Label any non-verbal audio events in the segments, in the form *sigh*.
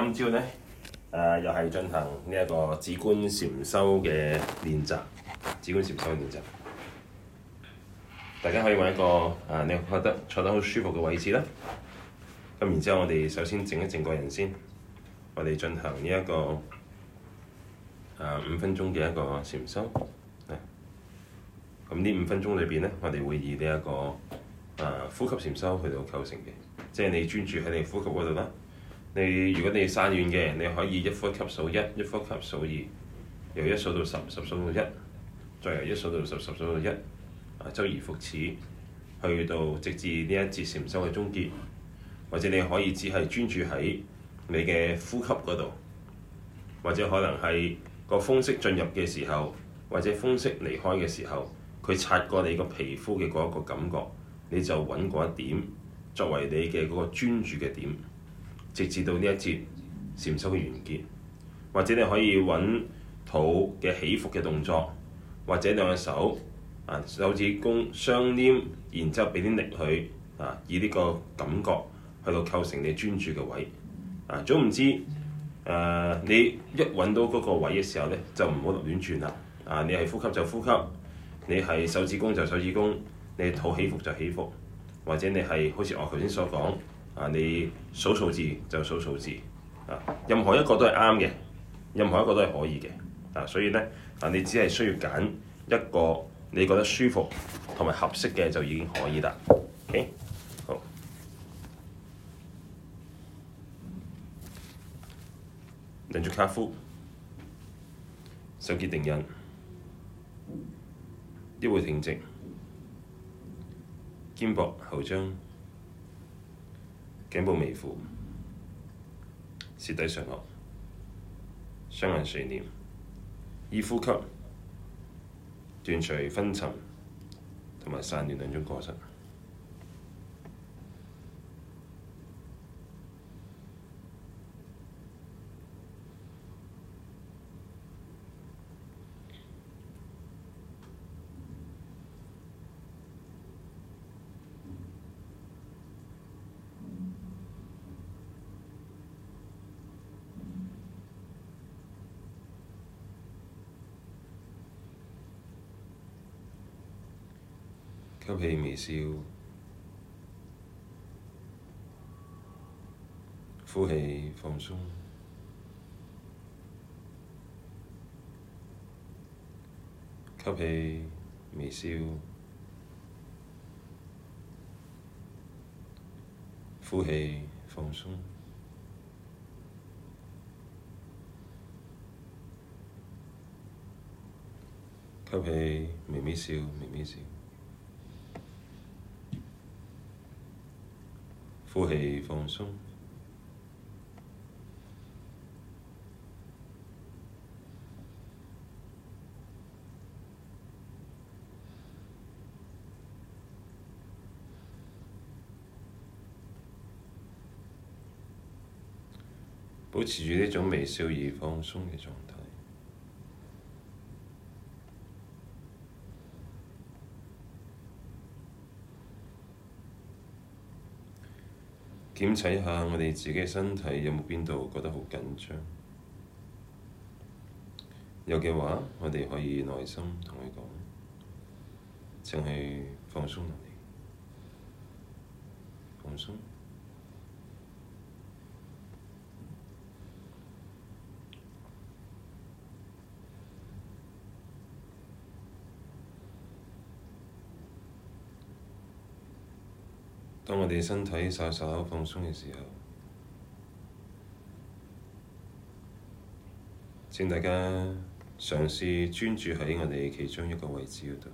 今朝咧，誒、呃、又係進行呢一個止觀禪修嘅練習，止觀禪修嘅練習。大家可以揾一個誒、呃、你覺得坐得好舒服嘅位置啦。咁、啊、然後之後，我哋首先靜一靜個人先，我哋進行呢、這個呃、一個誒五、啊、分鐘嘅一個禪修。咁呢五分鐘裏邊咧，我哋會以呢、這、一個誒、呃、呼吸禪修去到構成嘅，即係你專注喺你呼吸嗰度啦。你如果你生遠嘅，你可以一呼吸數一，一呼吸數二，由一數到十，十數到一，再由一數到十，十數到一，啊周而復始，去到直至呢一節禪修嘅終結，或者你可以只係專注喺你嘅呼吸嗰度，或者可能係個風息進入嘅時候，或者風息離開嘅時候，佢擦過你個皮膚嘅嗰一個感覺，你就揾嗰一點作為你嘅嗰個專注嘅點。直至到呢一節禪修嘅完結，或者你可以揾肚嘅起伏嘅動作，或者兩隻手、啊、手指公相黏，然之後畀啲力去，啊，以呢個感覺去到構成你專注嘅位啊，總唔知誒你一揾到嗰個位嘅時候咧，就唔好亂轉啦啊！你係、啊、呼吸就呼吸，你係手指公就手指公，你係肚起伏就起伏，或者你係好似我頭先所講。啊！你數數字就數數字，啊！任何一個都係啱嘅，任何一個都係可以嘅，啊！所以咧，啊！你只係需要揀一個你覺得舒服同埋合適嘅就已經可以啦。OK，好。彎住卡夫，上結定印，腰會挺直，肩膊後張。頸部微負，舌抵上顎，雙眼垂念，依呼吸，斷除昏沉，同埋散亂兩種過失。吸氣，微笑。呼氣，放鬆。吸氣，微笑。呼氣，放鬆。吸氣，微微笑，微微笑。呼氣，放鬆，保持住呢種微笑而放鬆嘅狀態。檢查一下我哋自己身體有冇邊度覺得好緊張，有嘅話，我哋可以耐心同佢講，淨係放鬆落嚟，放鬆。當我哋身體稍稍放鬆嘅時候，請大家嘗試專注喺我哋其中一個位置度，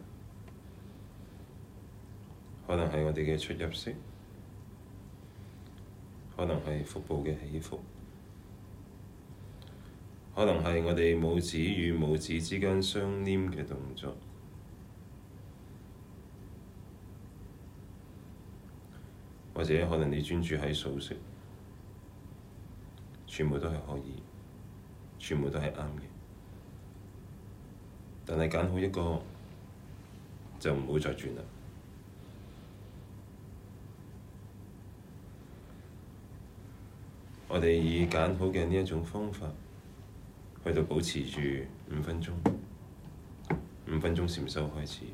可能係我哋嘅出入息，可能係腹部嘅起伏，可能係我哋拇指與拇指之間相黏嘅動作。或者可能你專注喺數息，全部都係可以，全部都係啱嘅。但係揀好一個，就唔好再轉啦。我哋以揀好嘅呢一種方法，去到保持住五分鐘，五分鐘禪修開始。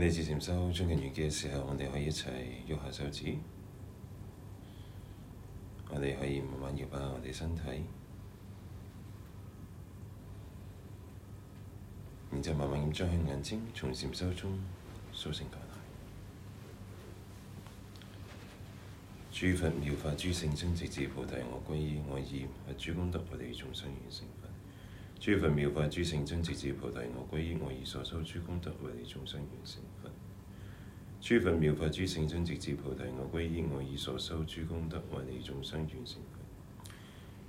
我哋接禪修將近完機嘅時候，我哋可以一齊喐下手指，我哋可以慢慢搖下我哋身體，然之後慢慢咁將佢眼睛從禪修中甦醒過來。諸佛妙法諸聖僧，直至菩提，我歸依我厭，為諸功德，我哋眾生於心。諸佛妙法諸聖尊，直至菩提我歸依。我以所修諸功德，為你眾生完成佛。諸佛妙法諸聖尊，直至菩提我歸依。我以所修諸功德，為你眾生完成佛。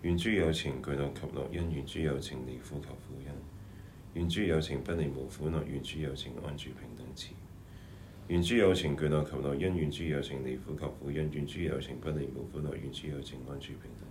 願諸有情具樂及樂因，願諸有情離苦及苦因。願諸，諸有情不離無苦樂，願諸有情安住平等慈。願諸有情具樂及樂因，願諸有情離苦及苦因。願諸，諸有情不離無苦樂，願諸有情安住平等。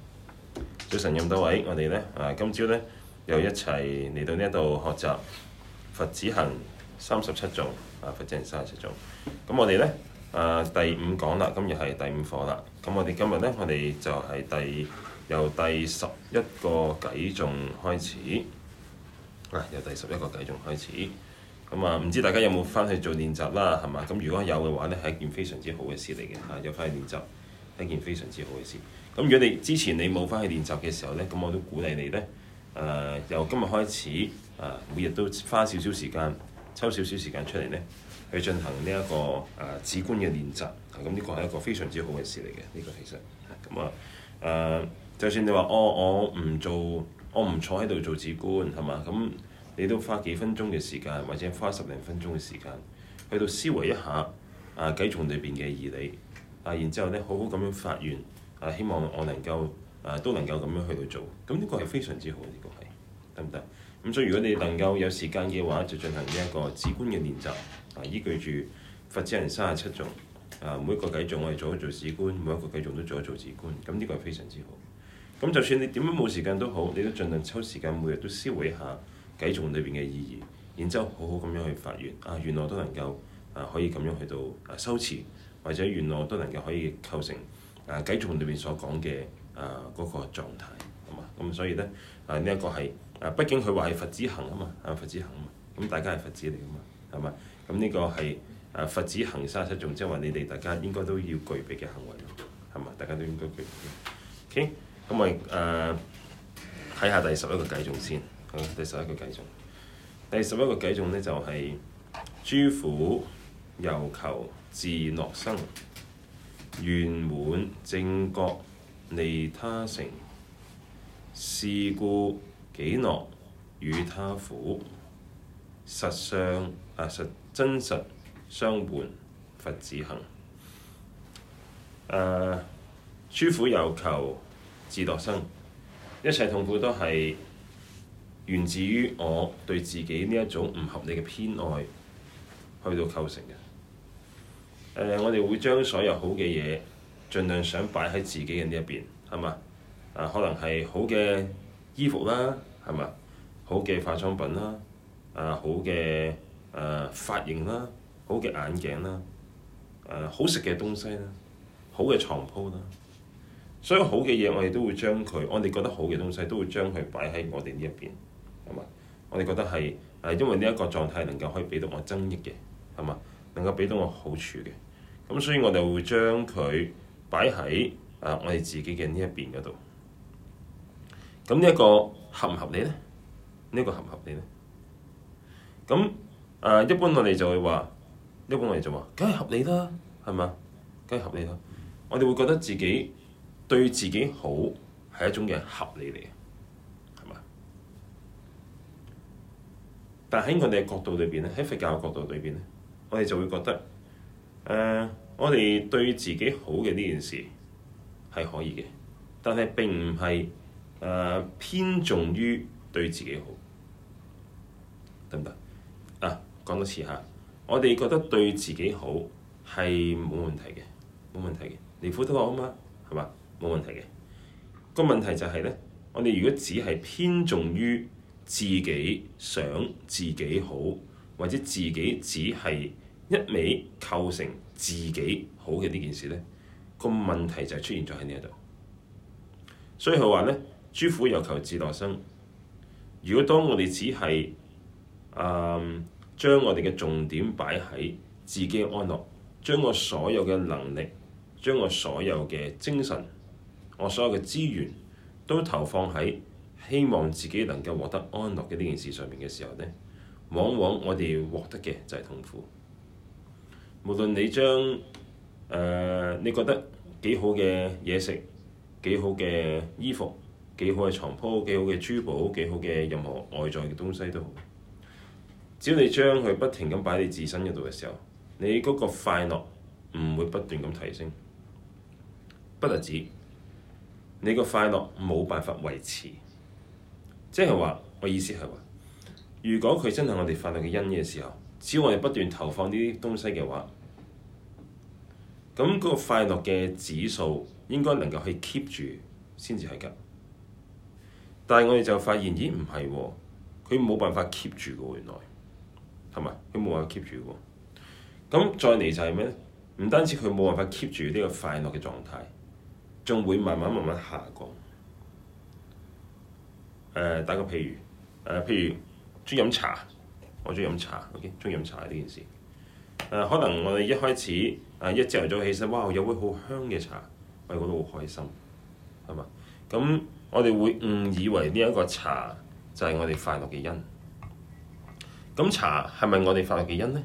早晨，到任到位，我哋咧啊，今朝咧又一齊嚟到呢一度學習佛子行三十七頌啊，佛子行三十七頌。咁我哋咧啊，第五講啦，今日係第五課啦。咁我哋今日咧，我哋就係第由第十一個偈頌開始啊，由第十一個偈頌開始。咁啊，唔知大家有冇翻去做練習啦，係嘛？咁如果有嘅話咧，係一件非常之好嘅事嚟嘅啊，有翻去練習，係一件非常之好嘅事。咁如果你之前你冇返去練習嘅時候呢，咁我都鼓勵你呢。誒、呃、由今日開始，誒、呃、每日都花少少時間，抽少少時間出嚟呢，去進行呢、這、一個誒、呃、止觀嘅練習，咁呢個係一個非常之好嘅事嚟嘅，呢、這個其實，咁啊誒，就算你話哦我唔做，我唔坐喺度做止觀係嘛？咁你都花幾分鐘嘅時間，或者花十零分鐘嘅時間，去到思維一下啊偈頌裏邊嘅義理，啊然之後呢，好好咁樣發願。啊！希望我能夠啊，都能夠咁樣去到做，咁、這、呢個係非常之好，呢、這個係得唔得？咁所以如果你能夠有時間嘅話，就進行呢一個止觀嘅練習。啊，依據住佛子行三十七頌，啊每一個偈頌我哋做一做止觀，每一個偈頌都做一做止觀，咁、這、呢個係非常之好。咁就算你點樣冇時間都好，你都儘量抽時間每日都思維下偈頌裏邊嘅意義，然之後好好咁樣去發願。啊，願我都能夠啊可以咁樣去到啊修持，或者願我都能夠可以構成。誒偈頌裏面所講嘅誒嗰個狀態，係嘛？咁所以咧，誒呢一個係誒、啊，畢竟佢話係佛子行啊嘛，係佛子行啊嘛？咁大家係佛子嚟啊嘛，係咪？咁呢個係誒佛子行三十七種，即係話你哋大家應該都要具備嘅行為咯，係咪？大家都應該具備。嘅。OK，咁咪誒睇下第十一個偈頌先，好，第十一個偈頌。第十一個偈頌咧就係、是、諸苦由求自樂生。圓滿正覺利他成，是故己樂與他苦，實相啊，實真實相換佛子行。啊，諸苦由求自樂生，一切痛苦都係源自於我對自己呢一種唔合理嘅偏愛，去到構成嘅。誒，我哋會將所有好嘅嘢，盡量想擺喺自己嘅呢一邊，係嘛？啊，可能係好嘅衣服啦，係嘛？好嘅化妝品啦，啊，好嘅誒髮型啦，好嘅眼鏡啦，誒、啊，好食嘅東西啦，好嘅床鋪啦，所有好嘅嘢，我哋都會將佢，我哋覺得好嘅東西，都會將佢擺喺我哋呢一邊，係嘛？我哋覺得係誒、啊，因為呢一個狀態能夠可以俾到我增益嘅，係嘛？能夠畀到我好處嘅，咁所以我哋會將佢擺喺誒我哋自己嘅呢一邊嗰度。咁呢一個合唔合理呢？呢、呢個合唔合理呢？咁誒一般我哋就會話，一般我哋就話梗係合理啦，係嘛？梗係合理啦。我哋會覺得自己對自己好係一種嘅合理嚟，係嘛？但喺我哋嘅角度裏邊咧，喺佛教嘅角度裏邊咧。我哋就會覺得，誒、呃，我哋對自己好嘅呢件事係可以嘅，但係並唔係誒偏重於對自己好，得唔得？啊，講多次吓，我哋覺得對自己好係冇問題嘅，冇問題嘅，你估得我好嘛？係嘛，冇問題嘅。個問題就係、是、咧，我哋如果只係偏重於自己想自己好，或者自己只係一味構成自己好嘅呢件事，呢個問題就係出現咗喺呢度。所以佢話呢：「諸苦由求自樂生。如果當我哋只係誒將我哋嘅重點擺喺自己嘅安樂，將我所有嘅能力、將我所有嘅精神、我所有嘅資源都投放喺希望自己能夠獲得安樂嘅呢件事上面嘅時候呢，往往我哋獲得嘅就係痛苦。無論你將誒、呃、你覺得幾好嘅嘢食，幾好嘅衣服，幾好嘅床鋪，幾好嘅珠寶，幾好嘅任何外在嘅東西都好，只要你將佢不停咁擺喺你自身嗰度嘅時候，你嗰個快樂唔會不斷咁提升。不特止，你個快樂冇辦法維持，即係話我意思係話，如果佢真係我哋快樂嘅因嘅時候。只要我哋不斷投放呢啲東西嘅話，咁嗰個快樂嘅指數應該能夠去 keep 住，先至係㗎。但係我哋就發現，咦，唔係喎，佢冇、哦、辦法 keep 住嘅原來，係咪？佢冇辦法 keep 住嘅。咁再嚟就係、是、咩？唔單止佢冇辦法 keep 住呢個快樂嘅狀態，仲會慢慢慢慢下降。誒、呃，打個譬如，誒、呃、譬如鍾意飲茶。我中意飲茶，OK，中意飲茶呢件事、呃。可能我哋一開始誒、呃、一朝頭早起身，哇！有杯好香嘅茶，我哋覺得好開心，係嘛？咁我哋會誤以為呢一個茶就係我哋快樂嘅因。咁茶係咪我哋快樂嘅因呢？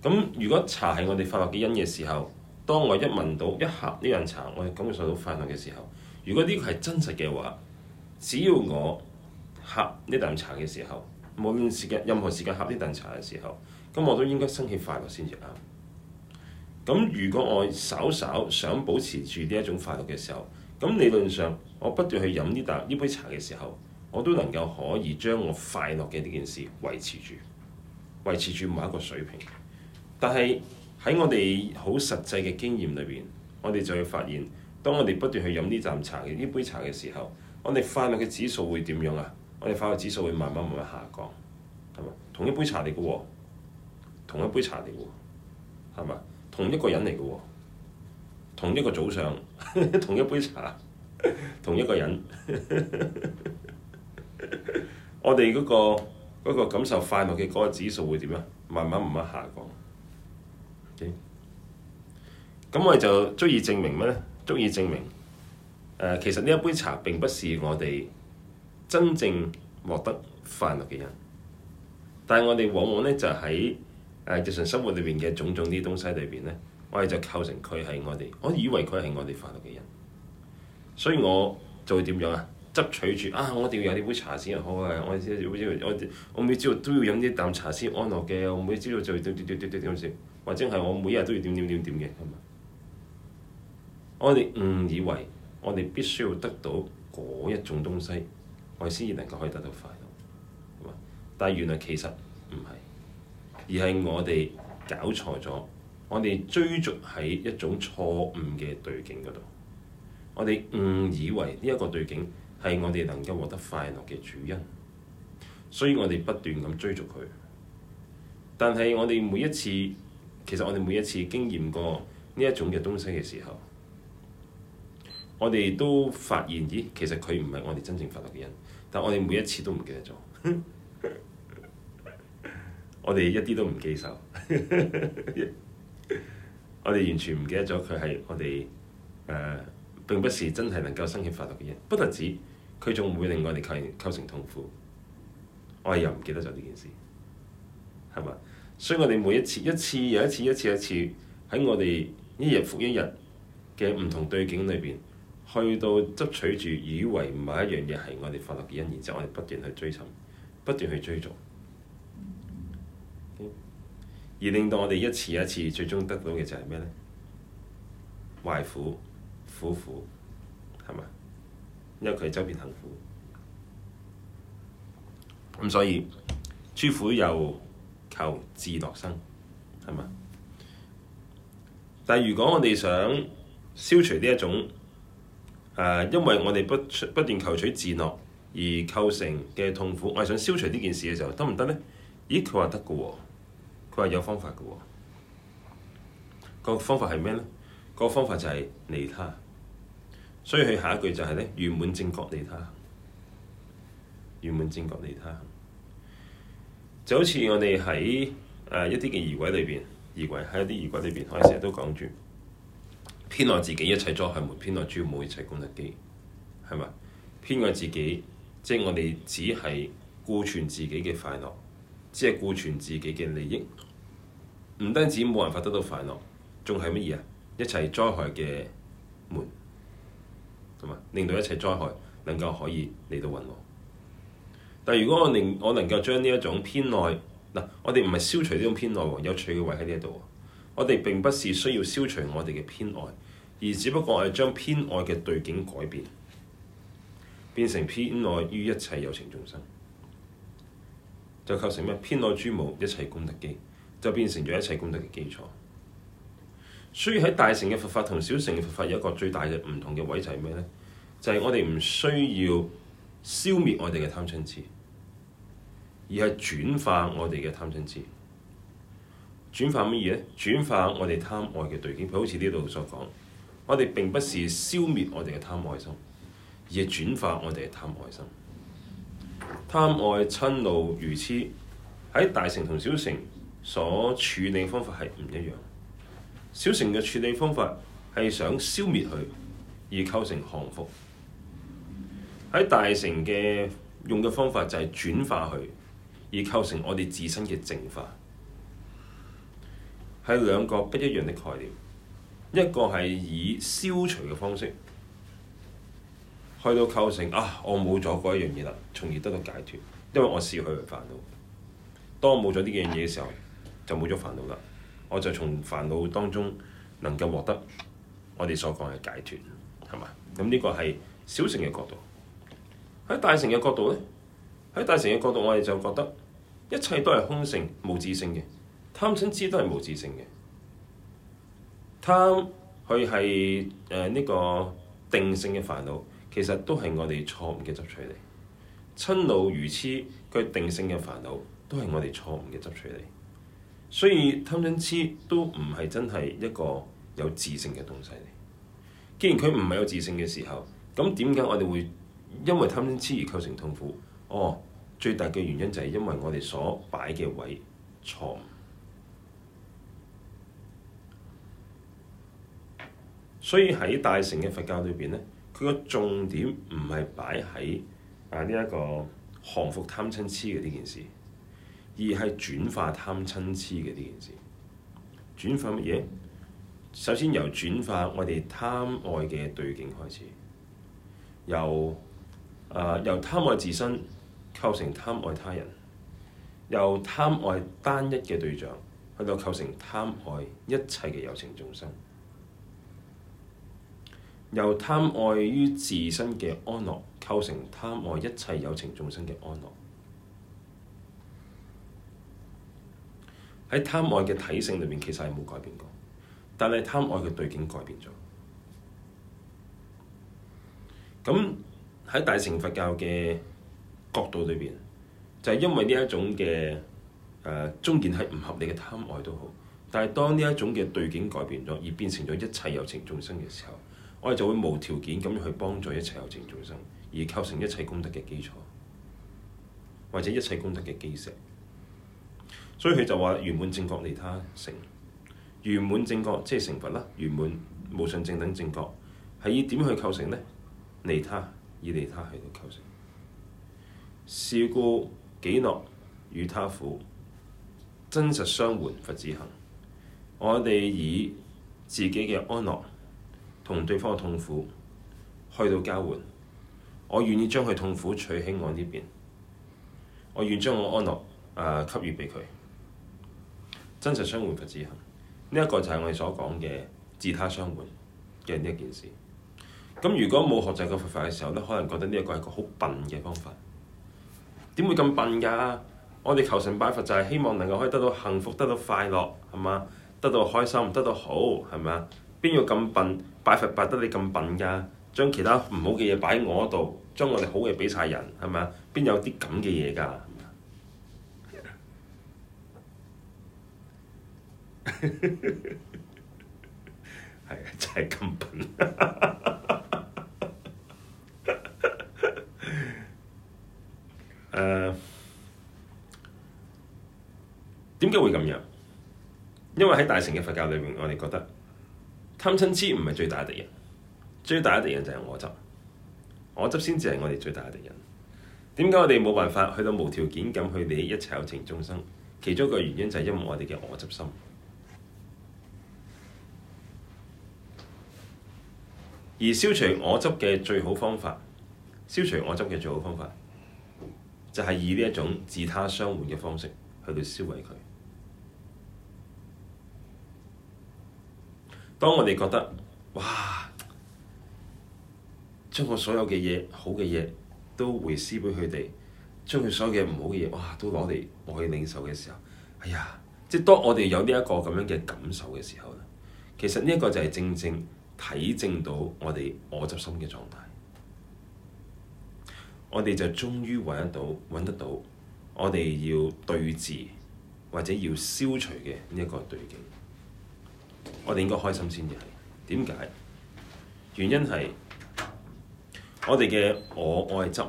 咁如果茶係我哋快樂嘅因嘅時候，當我一聞到一盒呢樣茶，我哋感覺到快樂嘅時候，如果呢個係真實嘅話，只要我呷呢啖茶嘅時候，無論時間任何時間喝呢啖茶嘅時候，咁我都應該生起快樂先至啱。咁如果我稍稍想保持住呢一種快樂嘅時候，咁理論上我不斷去飲呢啖呢杯茶嘅時候，我都能夠可以將我快樂嘅呢件事維持住，維持住某一個水平。但係喺我哋好實際嘅經驗裏邊，我哋就會發現，當我哋不斷去飲呢啖茶嘅呢杯茶嘅時候，我哋快樂嘅指數會點樣啊？我哋快樂指數會慢慢慢慢下降，係咪？同一杯茶嚟嘅喎，同一杯茶嚟嘅喎，係咪？同一個人嚟嘅喎，同一個早上， *laughs* 同一杯茶，同一個人， *laughs* 我哋嗰、嗰個嗰個感受快樂嘅嗰個指數會點啊？慢慢慢慢下降。咁、okay? 我哋就足以證明咩咧？足以證明，誒、呃，其實呢一杯茶並不是我哋。真正獲得快樂嘅人，但係我哋往往呢，就喺誒日常生活裏面嘅種種啲東西裏邊呢，我哋就構成佢係我哋，我以為佢係我哋快樂嘅人。所以我就會點樣啊？執取住啊！我哋要有呢杯茶先好啊！我哋每朝都要飲啲啖茶先安樂嘅。我每朝早就點點點點點點點，或者係我每日都要點點點點嘅係嘛！我哋誤以為我哋必須要得到嗰一種東西。我先至能夠可以得到快樂，但原來其實唔係，而係我哋搞錯咗。我哋追逐喺一種錯誤嘅對境嗰度，我哋誤以為呢一個對境係我哋能夠獲得快樂嘅主因，所以我哋不斷咁追逐佢。但係我哋每一次，其實我哋每一次經驗過呢一種嘅東西嘅時候，我哋都發現，咦，其實佢唔係我哋真正快樂嘅人。但我哋每一次都唔記得咗， *laughs* 我哋一啲都唔記仇， *laughs* 我哋完全唔記得咗佢係我哋誒，uh, 並不是真係能夠生起快樂嘅嘢，不但止佢仲會令我哋構成成痛苦，我哋又唔記得咗呢件事，係嘛？所以我哋每一次一次又一次一次一次喺我哋一日復一日嘅唔同對境裏邊。去到執取住，以為某一樣嘢係我哋法律嘅因，然之後我哋不斷去追尋，不斷去追逐，okay? 而令到我哋一次一次最終得到嘅就係咩呢？壞苦、苦苦，係嘛？因為佢係周邊行苦。咁所以，諸苦由求自樂生，係嘛？但係如果我哋想消除呢一種，誒、啊，因為我哋不不斷求取自樂而構成嘅痛苦，我係想消除呢件事嘅時候得唔得呢？咦，佢話得嘅喎，佢話有方法嘅喎、哦。個方法係咩呢？個方法就係利他。所以佢下一句就係咧，圓滿正覺利他行。圓滿正覺利他就好似我哋喺誒一啲嘅儀軌裏邊，儀軌喺一啲儀軌裏邊，我哋成日都講住。偏愛自己一切災害門，偏愛主要冇一切功德基，係咪？偏愛自己，即係我哋只係顧全自己嘅快樂，只係顧全自己嘅利益。唔單止冇辦法得到快樂，仲係乜嘢啊？一切災害嘅門，係嘛？令到一切災害能夠可以嚟到混和。但係如果我令我能夠將呢一種偏愛，嗱，我哋唔係消除呢種偏愛喎，有取嘅位喺呢一度。我哋並不是需要消除我哋嘅偏愛，而只不過係將偏愛嘅對境改變，變成偏愛於一切有情眾生，就構成咩？偏愛諸無一切功德基，就變成咗一切功德嘅基礎。所以喺大乘嘅佛法同小乘嘅佛法有一個最大嘅唔同嘅位就係咩咧？就係、是、我哋唔需要消滅我哋嘅貪嗔痴，而係轉化我哋嘅貪嗔痴。轉化乜嘢咧？轉化我哋貪愛嘅對境，佢好似呢度所講，我哋並不是消滅我哋嘅貪愛心，而係轉化我哋嘅貪愛心。貪愛瞋怒愚痴，喺大乘同小乘所處理方法係唔一樣。小乘嘅處理方法係想消滅佢，而構成降伏；喺大乘嘅用嘅方法就係轉化佢，而構成我哋自身嘅淨化。係兩個不一樣的概念，一個係以消除嘅方式去到構成啊，我冇咗嗰一樣嘢啦，從而得到解脫，因為我試去煩惱。當我冇咗呢樣嘢嘅時候，就冇咗煩惱啦。我就從煩惱當中能夠獲得我哋所講嘅解脫，係嘛？咁呢個係小乘嘅角度。喺大乘嘅角度咧，喺大乘嘅角度，我哋就覺得一切都係空性、無自性嘅。貪嗔痴都係冇自性嘅，貪佢係誒呢個定性嘅煩惱，其實都係我哋錯誤嘅執取嚟。嗔怒愚痴佢定性嘅煩惱，都係我哋錯誤嘅執取嚟。所以貪嗔痴都唔係真係一個有自性嘅東西嚟。既然佢唔係有自性嘅時候，咁點解我哋會因為貪嗔痴而構成痛苦？哦，最大嘅原因就係因為我哋所擺嘅位錯誤。所以喺大乘嘅佛教裏邊咧，佢個重點唔係擺喺啊呢一、這個降服貪嗔痴嘅呢件事，而係轉化貪嗔痴嘅呢件事。轉化乜嘢？首先由轉化我哋貪愛嘅對境開始，由啊、呃、由貪愛自身構成貪愛他人，由貪愛單一嘅對象去到構成貪愛一切嘅有情眾生。由貪愛於自身嘅，安樂構成貪愛一切有情眾生嘅安樂。喺貪愛嘅體性裏面，其實係冇改變過，但係貪愛嘅對境改變咗。咁喺大乘佛教嘅角度裏邊，就係、是、因為呢一種嘅誒、呃，縱然係唔合理嘅貪愛都好，但係當呢一種嘅對境改變咗，而變成咗一切有情眾生嘅時候。我哋就會無條件咁去幫助一切有情眾生，而構成一切功德嘅基礎，或者一切功德嘅基石。所以佢就話：圓滿正覺利他成，圓滿正覺即係成佛啦。圓滿無上正等正覺係以點去構成呢？利他以利他去到構成。是故，己樂與他苦，真實相換佛子行。我哋以自己嘅安樂。同對方嘅痛苦去到交換，我願意將佢痛苦取喺我呢邊，我願意將我安樂啊、呃、給予俾佢。真實相換佛子行，呢、這、一個就係我哋所講嘅自他相換嘅呢一件事。咁如果冇學習過佛法嘅時候呢，可能覺得呢一個係一個好笨嘅方法。點會咁笨㗎？我哋求神拜佛就係希望能夠可以得到幸福、得到快樂，係嘛？得到開心、得到好，係咪啊？邊有咁笨，拜佛拜得你咁笨噶？將其他唔好嘅嘢擺喺我度，將我哋好嘅嘢俾曬人，係咪啊？邊有啲咁嘅嘢㗎？係 *laughs* 啊，真就係咁笨。誒，點解會咁樣？因為喺大乘嘅佛教裏面，我哋覺得。貪嗔痴唔係最大嘅敵人，最大嘅敵人就係我執，我執先至係我哋最大嘅敵人。點解我哋冇辦法去到無條件咁去理一切有情眾生？其中一個原因就係因為我哋嘅我執心。而消除我執嘅最好方法，消除我執嘅最好方法，就係、是、以呢一種自他相換嘅方式去到銷毀佢。當我哋覺得，哇！將我所有嘅嘢，好嘅嘢，都回施畀佢哋，將佢所有嘅唔好嘅嘢，哇！都攞嚟，我去領受嘅時候，哎呀！即係當我哋有呢一個咁樣嘅感受嘅時候咧，其實呢一個就係正正體證到我哋我執心嘅狀態。我哋就終於揾得到，揾得到，我哋要對治，或者要消除嘅呢一個對境。我哋應該開心先至係，點解？原因係我哋嘅我愛執，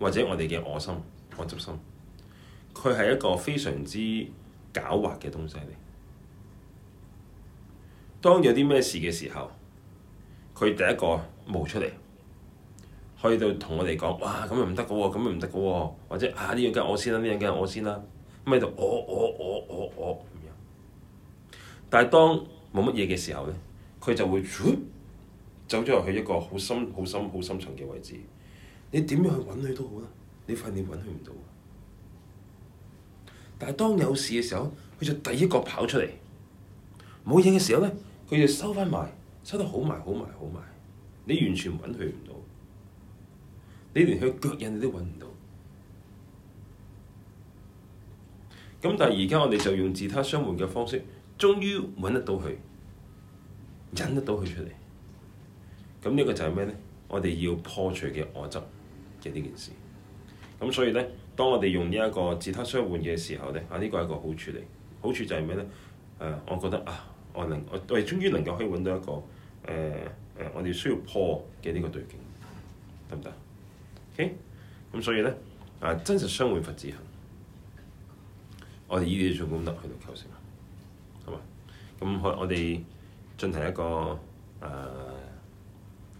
或者我哋嘅我心，我執心，佢係一個非常之狡猾嘅東西嚟。當有啲咩事嘅時候，佢第一個冒出嚟，去到同我哋講：哇，咁咪唔得噶喎，咁咪唔得噶喎，或者啊，呢樣梗係我先啦，啊，呢樣梗係我先啦，啊，咁就我我我我我。但係當冇乜嘢嘅時候咧，佢就會走咗入去一個好深、好深、好深層嘅位置。你點樣去揾佢都好啦，你發現你揾佢唔到。但係當有事嘅時候，佢就第一個跑出嚟。冇嘢嘅時候咧，佢就收翻埋，收得好埋、好埋、好埋。你完全揾佢唔到，你連佢腳印你都揾唔到。咁但係而家我哋就用自他相換嘅方式。終於揾得到佢，引得到佢出嚟，咁、這、呢個就係咩咧？我哋要破除嘅我執嘅呢件事。咁所以咧，當我哋用呢一個自他相換嘅時候咧，啊、這、呢個係一個好處嚟，好處就係咩咧？誒，我覺得啊，我能我我哋終於能夠可以揾到一個誒誒、呃，我哋需要破嘅呢個對境，得唔得？OK，咁所以咧啊，真實相換佛子行，我哋依啲做功德去到構成。咁我我哋進行一個誒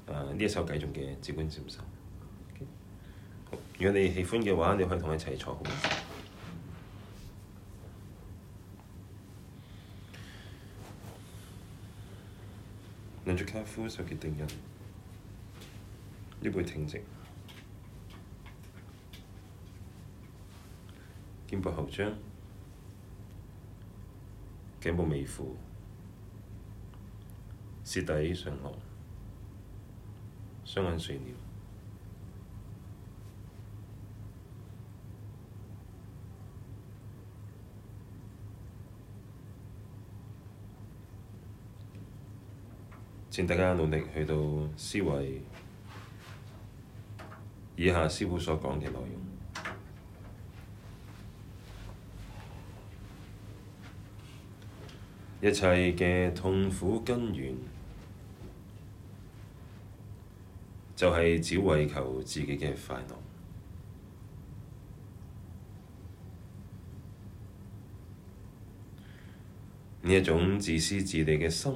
誒呢一首偈頌嘅《接管戰爭》。如果你喜歡嘅話，你可以同我一齊坐。兩隻跏趺，手結定印。腰部挺直。肩部後張。頸部微俯。徹底上岸，雙眼垂了。請大家努力去到思維以下師傅所講嘅內容，一切嘅痛苦根源。就係只為求自己嘅快樂，呢一種自私自利嘅心，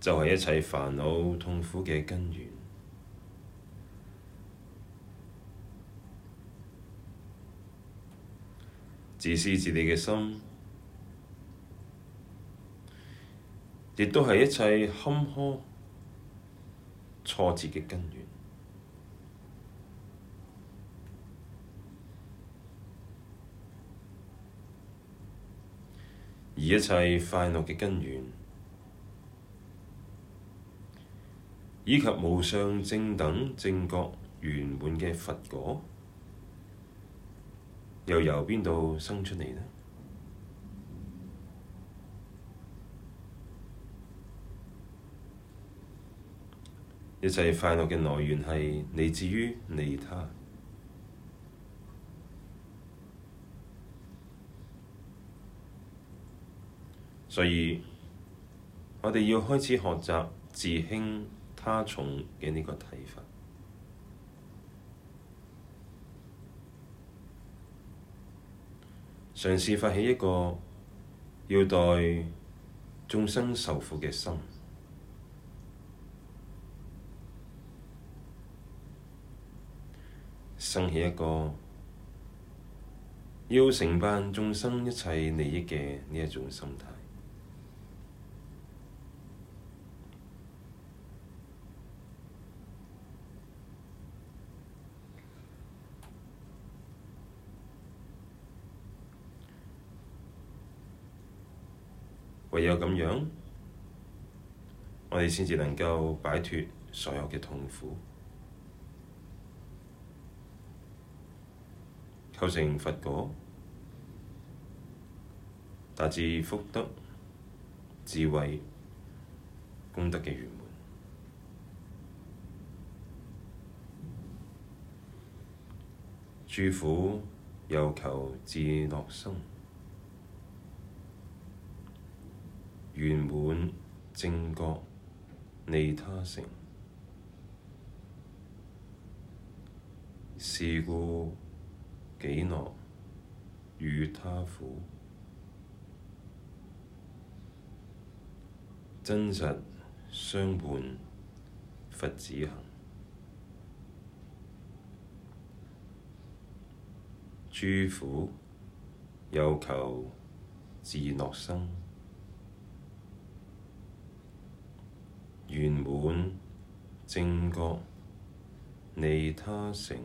就係一切煩惱痛苦嘅根源。自私自利嘅心。亦都係一切坎坷挫折嘅根源，而一切快樂嘅根源，以及無上正等正覺圓滿嘅佛果，又由邊度生出嚟呢？一切快樂嘅來源係嚟自於利他，所以我哋要開始學習自輕他重嘅呢個睇法，嘗試發起一個要代眾生受苦嘅心。生起一個要承辦眾生一切利益嘅呢一種心態，唯有咁樣，我哋先至能夠擺脫所有嘅痛苦。構成佛果，達至福德、智慧、功德嘅圓滿，諸苦由求自樂生，圓滿正覺利他成，是故，己樂與他苦，真實相換佛子行，諸苦由求自樂生，圓滿正覺利他成。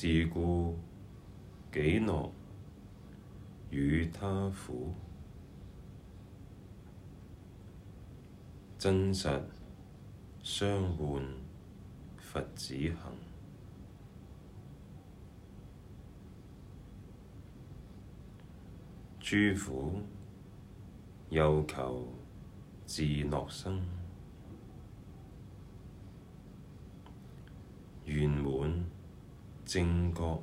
是故，己樂與他苦，真實相換，佛子行。諸苦，由求自樂生。正覺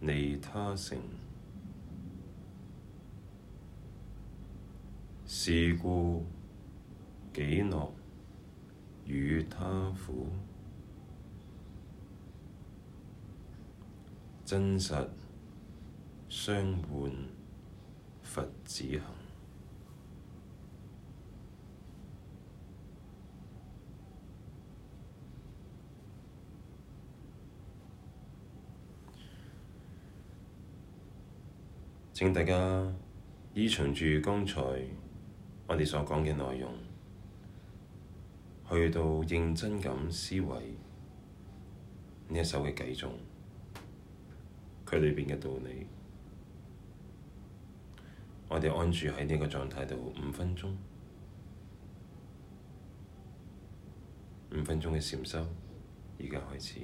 利他成，是故己樂與他苦，真實相換，佛子行。請大家依循住剛才我哋所講嘅內容，去到認真咁思維呢一首嘅偈中，佢裏邊嘅道理。我哋安住喺呢個狀態度五分鐘，五分鐘嘅禪修，而家開始。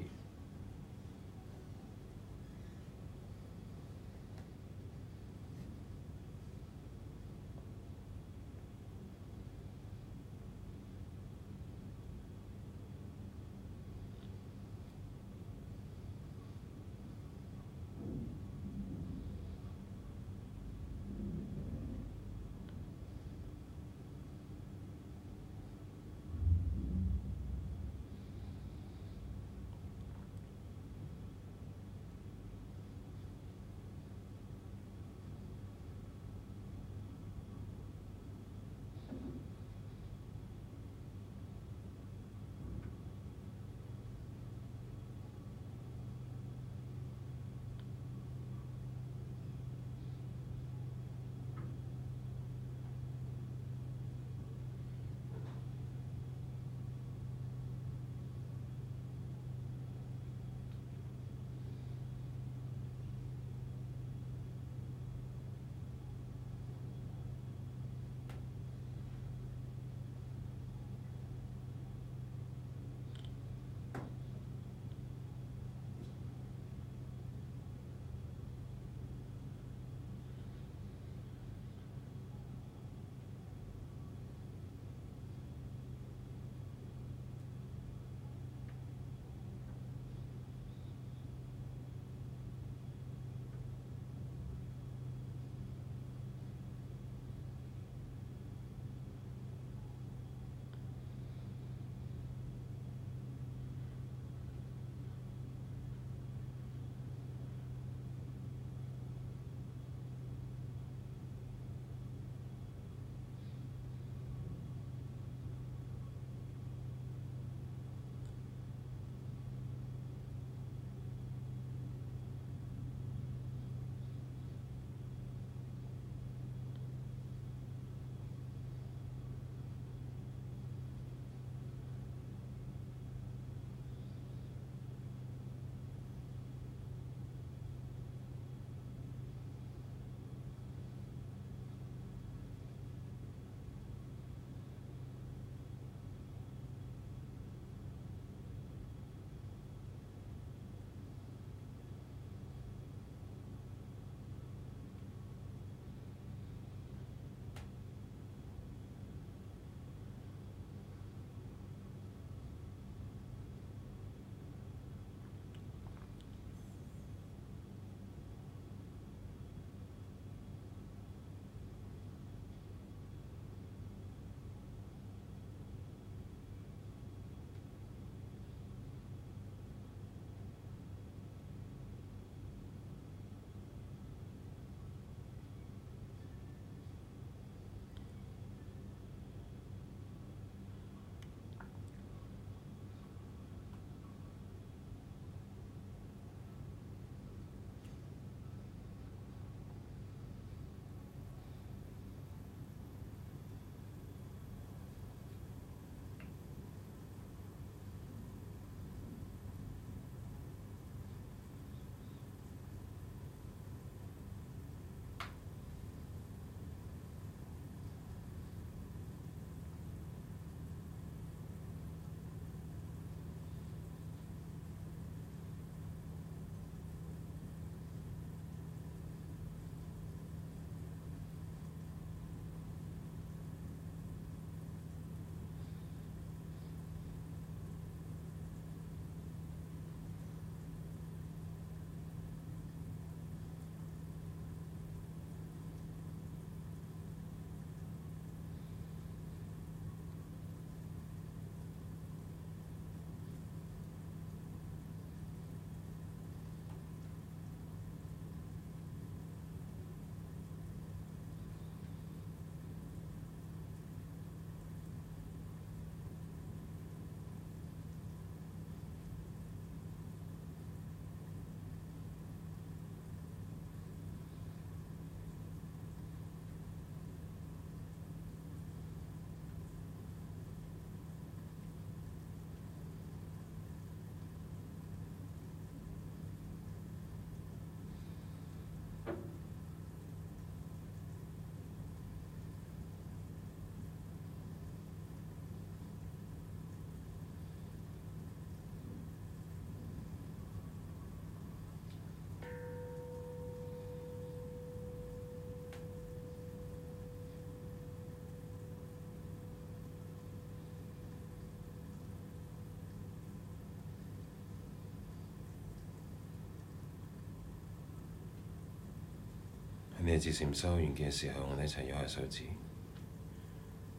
你哋自禪修完嘅時候，我哋一齊喐下手指，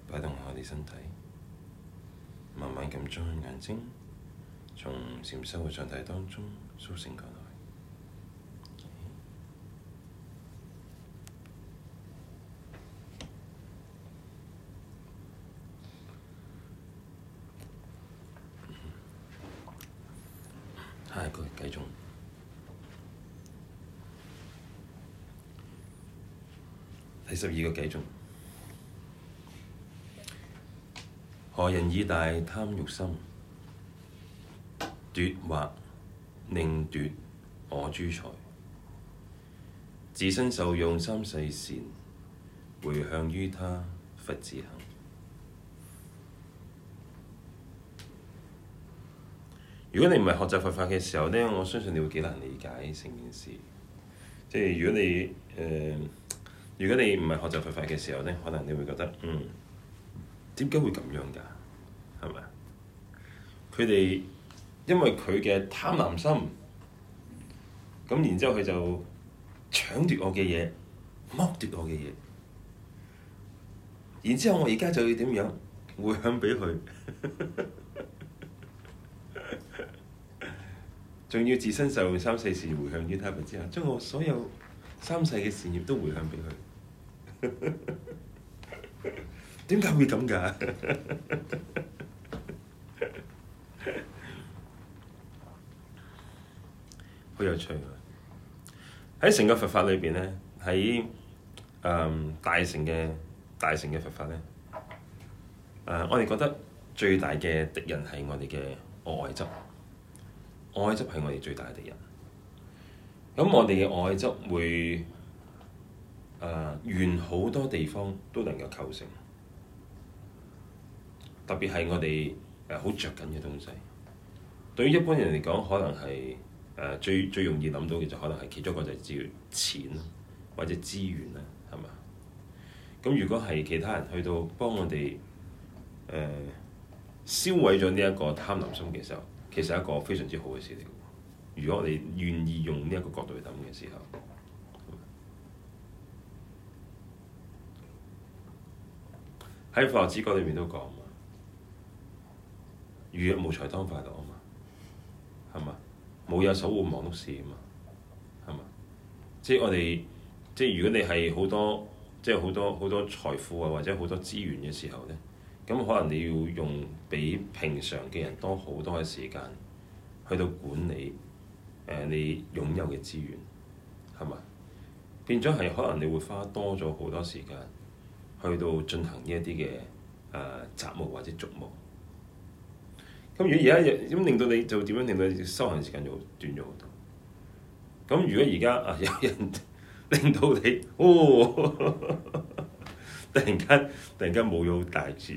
擺動下我哋身體，慢慢咁張開眼睛從禪修嘅狀態當中甦醒過。十二個偈頌何人以大貪欲心，奪或令奪我諸財，自身受用三世善，回向於他佛子行。如果你唔係學習佛法嘅時候呢，我相信你會幾難理解成件事。即係如果你誒。呃如果你唔係學習佛法嘅時候呢，可能你會覺得，嗯，點解會咁樣㗎？係咪？佢哋因為佢嘅貪婪心，咁然之後佢就搶奪我嘅嘢，剝奪我嘅嘢，然之後我而家就要點樣回向畀佢？仲 *laughs* 要自身受用三世善，回向於他佛子行，將我所有三世嘅事業都回向畀佢。點解 *laughs* 會咁噶？ *laughs* 好有趣啊！喺成個佛法裏邊呢，喺、嗯、大成嘅大成嘅佛法呢、呃，我哋覺得最大嘅敵人係我哋嘅愛執，愛執係我哋最大嘅敵人。咁我哋嘅愛執會。誒，原好、啊、多地方都能夠構成，特別係我哋誒好着緊嘅東西。對於一般人嚟講，可能係誒、啊、最最容易諗到嘅就可能係其中一個就係至於錢或者資源啦，係咪？咁如果係其他人去到幫我哋誒、呃、銷毀咗呢一個貪婪心嘅時候，其實係一個非常之好嘅事嚟嘅。如果我哋願意用呢一個角度去諗嘅時候，喺《佛學之光》裏面都講嘛，如若無財當快樂啊嘛，係嘛？冇有守護忙碌事啊嘛，係嘛？即係我哋，即係如果你係好多，即係好多好多財富啊，或者好多資源嘅時候咧，咁可能你要用比平常嘅人多好多嘅時間，去到管理誒你擁有嘅資源，係嘛？變咗係可能你會花多咗好多時間。去到進行一啲嘅誒雜務或者俗務，咁、嗯、如果而家又咁令到你就點樣令到你修行時間就短咗好多？咁如果而家啊有人令到你，哦， *laughs* 突然間突然間冇咗好大字，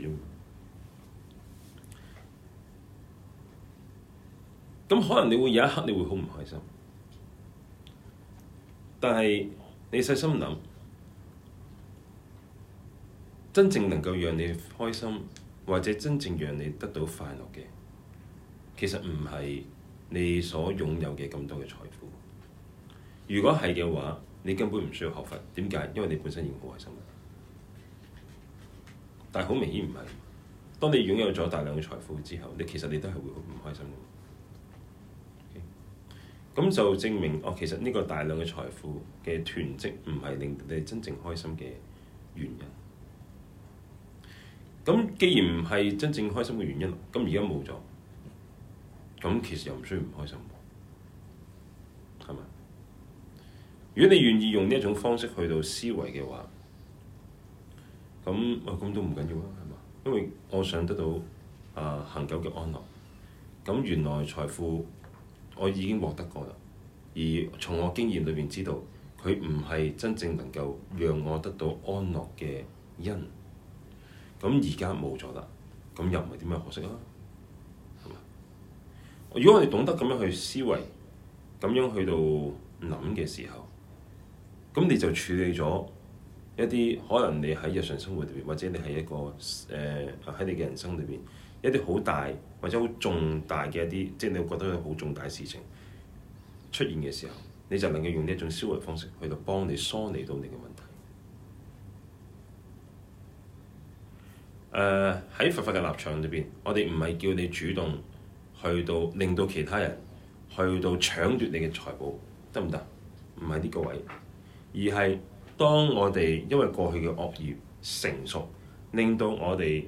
咁可能你會有一刻你會好唔開心，但係你細心諗。真正能夠讓你開心，或者真正讓你得到快樂嘅，其實唔係你所擁有嘅咁多嘅財富。如果係嘅話，你根本唔需要學佛。點解？因為你本身已經好開心啦。但係好明顯唔係。當你擁有咗大量嘅財富之後，你其實你都係會好唔開心嘅。咁、okay? 就證明哦，其實呢個大量嘅財富嘅囤積唔係令你真正開心嘅原因。咁既然唔係真正開心嘅原因，咁而家冇咗，咁其實又唔需要唔開心，係咪？如果你願意用呢一種方式去到思維嘅話，咁咁都唔緊要啊，係嘛？因為我想得到啊恆久嘅安樂，咁原來財富我已經獲得過啦，而從我經驗裏邊知道，佢唔係真正能夠讓我得到安樂嘅因。咁而家冇咗啦，咁又唔係點樣可惜啊？係嘛？如果我哋懂得咁樣去思維，咁樣去到諗嘅時候，咁你就處理咗一啲可能你喺日常生活裏邊，或者你係一個誒喺、呃、你嘅人生裏邊，一啲好大或者好重大嘅一啲，即係你會覺得好重大事情出現嘅時候，你就能夠用呢一種思維方式去到幫你梳理到你嘅問題。誒喺佛法嘅立場裏邊，我哋唔係叫你主動去到令到其他人去到搶奪你嘅財寶，得唔得？唔係呢個位，而係當我哋因為過去嘅惡業成熟，令到我哋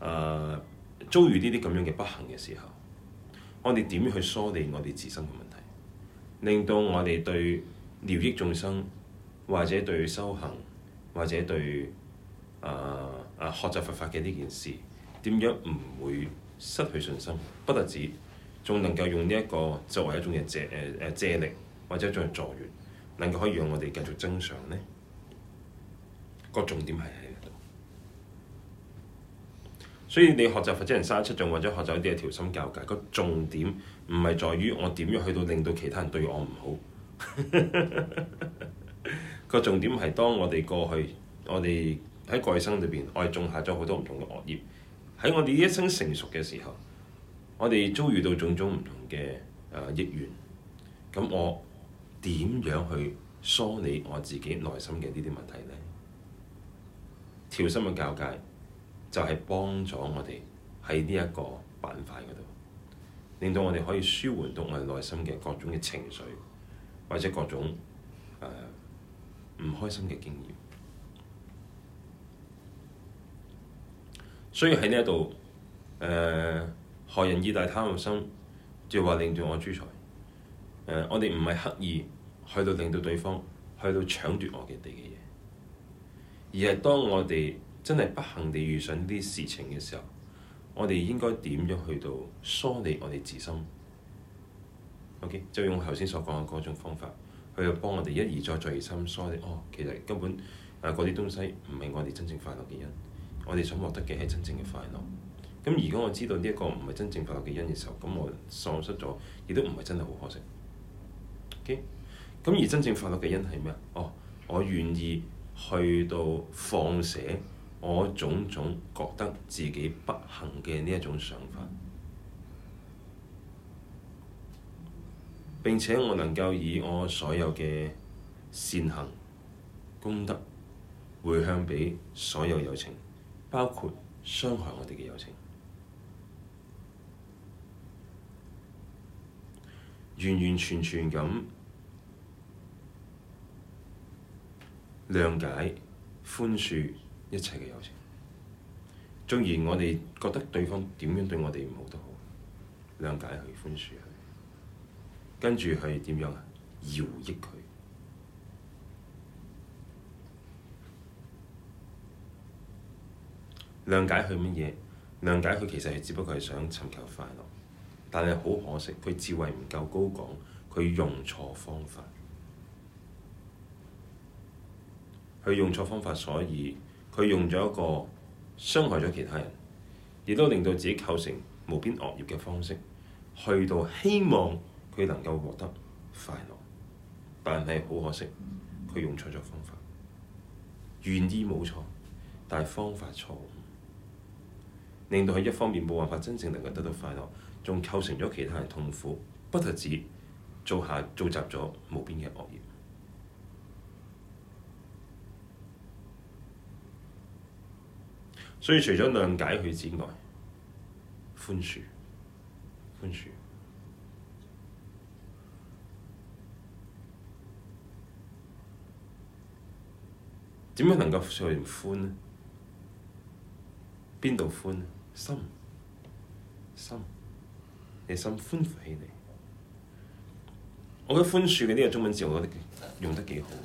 誒、uh, 遭遇呢啲咁樣嘅不幸嘅時候，我哋點去梳理我哋自身嘅問題，令到我哋對利益眾生，或者對修行，或者對誒。Uh, 啊！學習佛法嘅呢件事，點樣唔會失去信心？不單止，仲能夠用呢一個作為一種嘅借誒誒借力，或者作為助緣，能夠可以讓我哋繼續增長呢？個重點係喺度，所以你學習佛子行三十七頌或者學習一啲嘢調心教戒，個重點唔係在於我點樣去到令到其他人對我唔好。 *laughs* 個重點係當我哋過去，我哋。喺個生裏邊，我哋種下咗好多唔同嘅惡業。喺我哋呢一生成熟嘅時候，我哋遭遇到種種唔同嘅誒逆緣。咁、呃、我點樣去梳理我自己內心嘅呢啲問題呢？調心嘅教界就係幫咗我哋喺呢一個板塊嗰度，令到我哋可以舒緩到我哋內心嘅各種嘅情緒，或者各種誒唔、呃、開心嘅經驗。所以喺呢一度，誒、呃、何人以大貪欲心，即係話令到我諸財。誒、呃，我哋唔係刻意去到令到對方去到搶奪我哋哋嘅嘢，而係當我哋真係不幸地遇上呢啲事情嘅時候，我哋應該點樣去到梳理我哋自身 o、okay? k 就用我頭先所講嘅嗰種方法去幫我哋一而再再而三梳理。哦，其實根本誒嗰啲東西唔係我哋真正快樂嘅人。我哋想獲得嘅係真正嘅快樂。咁，如果我知道呢一個唔係真正快樂嘅因嘅時候，咁我喪失咗，亦都唔係真係好可惜。OK，咁而真正快樂嘅因係咩啊？哦，我願意去到放捨我種種覺得自己不幸嘅呢一種想法。並且我能夠以我所有嘅善行、功德回向畀所有有情。包括傷害我哋嘅友情，完完全全咁諒解寬恕一切嘅友情，縱然我哋覺得對方點樣對我哋唔好都好，諒解佢寬恕佢，跟住係點樣啊？饒益佢。諒解佢乜嘢？諒解佢其實佢只不過係想尋求快樂，但係好可惜，佢智慧唔夠高廣，佢用錯方法。佢用錯方法，所以佢用咗一個傷害咗其他人，亦都令到自己構成無邊惡業嘅方式，去到希望佢能夠獲得快樂。但係好可惜，佢用錯咗方法。願意冇錯，但係方法錯。令到佢一方面冇辦法真正能夠得到快樂，仲構成咗其他人痛苦，不特止做下做雜咗無邊嘅惡業。所以除咗諒解佢之外，寬恕，寬恕，點樣能夠上寬呢？邊度寬呢？心，心，你心寬恕起嚟。我覺得寬恕嘅呢個中文字我覺得用得幾好的，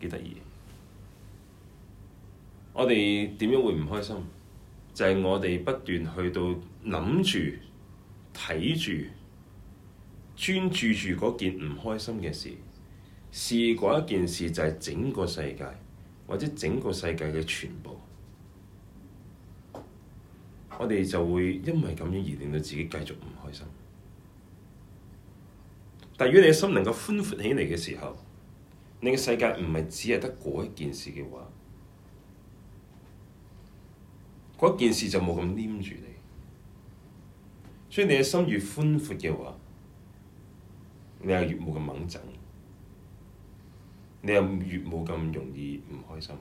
幾得意。我哋點樣會唔開心？就係、是、我哋不斷去到諗住、睇住、專注住嗰件唔開心嘅事。試過一件事，就係整個世界，或者整個世界嘅全部。我哋就會因為咁樣而令到自己繼續唔開心。但如果你嘅心能夠寬闊起嚟嘅時候，你嘅世界唔係只係得嗰一件事嘅話，嗰一件事就冇咁黏住你。所以你嘅心越寬闊嘅話，你又越冇咁掹掙，你又越冇咁容易唔開心。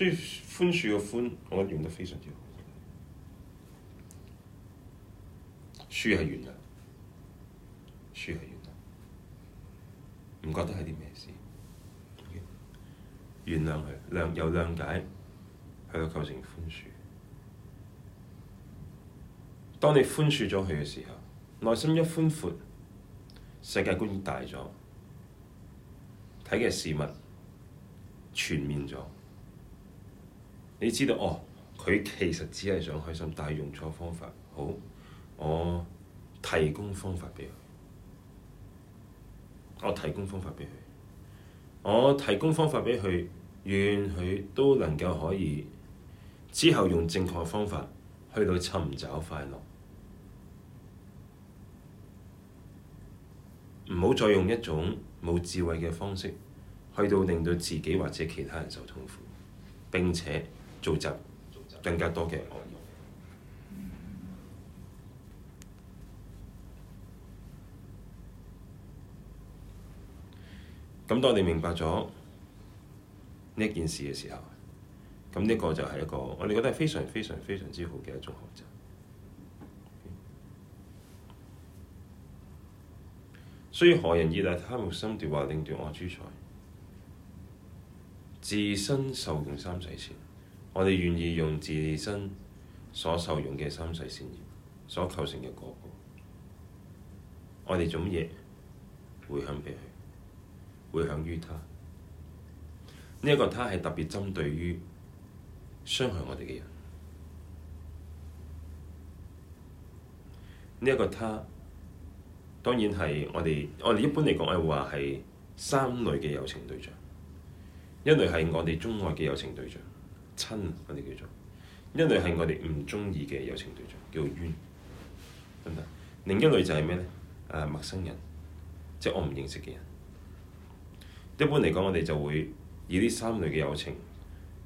所以寬恕嘅寬，我覺得用得非常之好。恕係原諒，恕係原諒，唔覺得係啲咩事？Okay. 原諒佢，諒有諒解，去到構成寬恕。當你寬恕咗佢嘅時候，內心一寬闊，世界觀大咗，睇嘅事物全面咗。你知道哦，佢其實只係想開心，但係用錯方法。好，我提供方法畀佢。我提供方法畀佢。我提供方法畀佢，願佢都能夠可以之後用正確嘅方法去到尋找快樂，唔好再用一種冇智慧嘅方式去到令到自己或者其他人受痛苦。並且。做集更加多嘅。咁、嗯、當你明白咗呢件事嘅時候，咁呢個就係一個我哋覺得非常非常非常之好嘅一種學習。所以何人以大貪慾心奪或，令奪我諸財，自身受用三世善。我哋願意用自身所受用嘅三世善業所構成嘅果報，我哋做乜嘢回響畀佢？回響於他呢一、這個他係特別針對於傷害我哋嘅人，呢、這、一個他當然係我哋我哋一般嚟講係話係三類嘅友情對象，一類係我哋鍾愛嘅友情對象。親我哋叫做一類係我哋唔中意嘅友情對象，叫冤，得唔得？另一類就係咩咧？陌生人，即係我唔認識嘅人。一般嚟講，我哋就會以呢三類嘅友情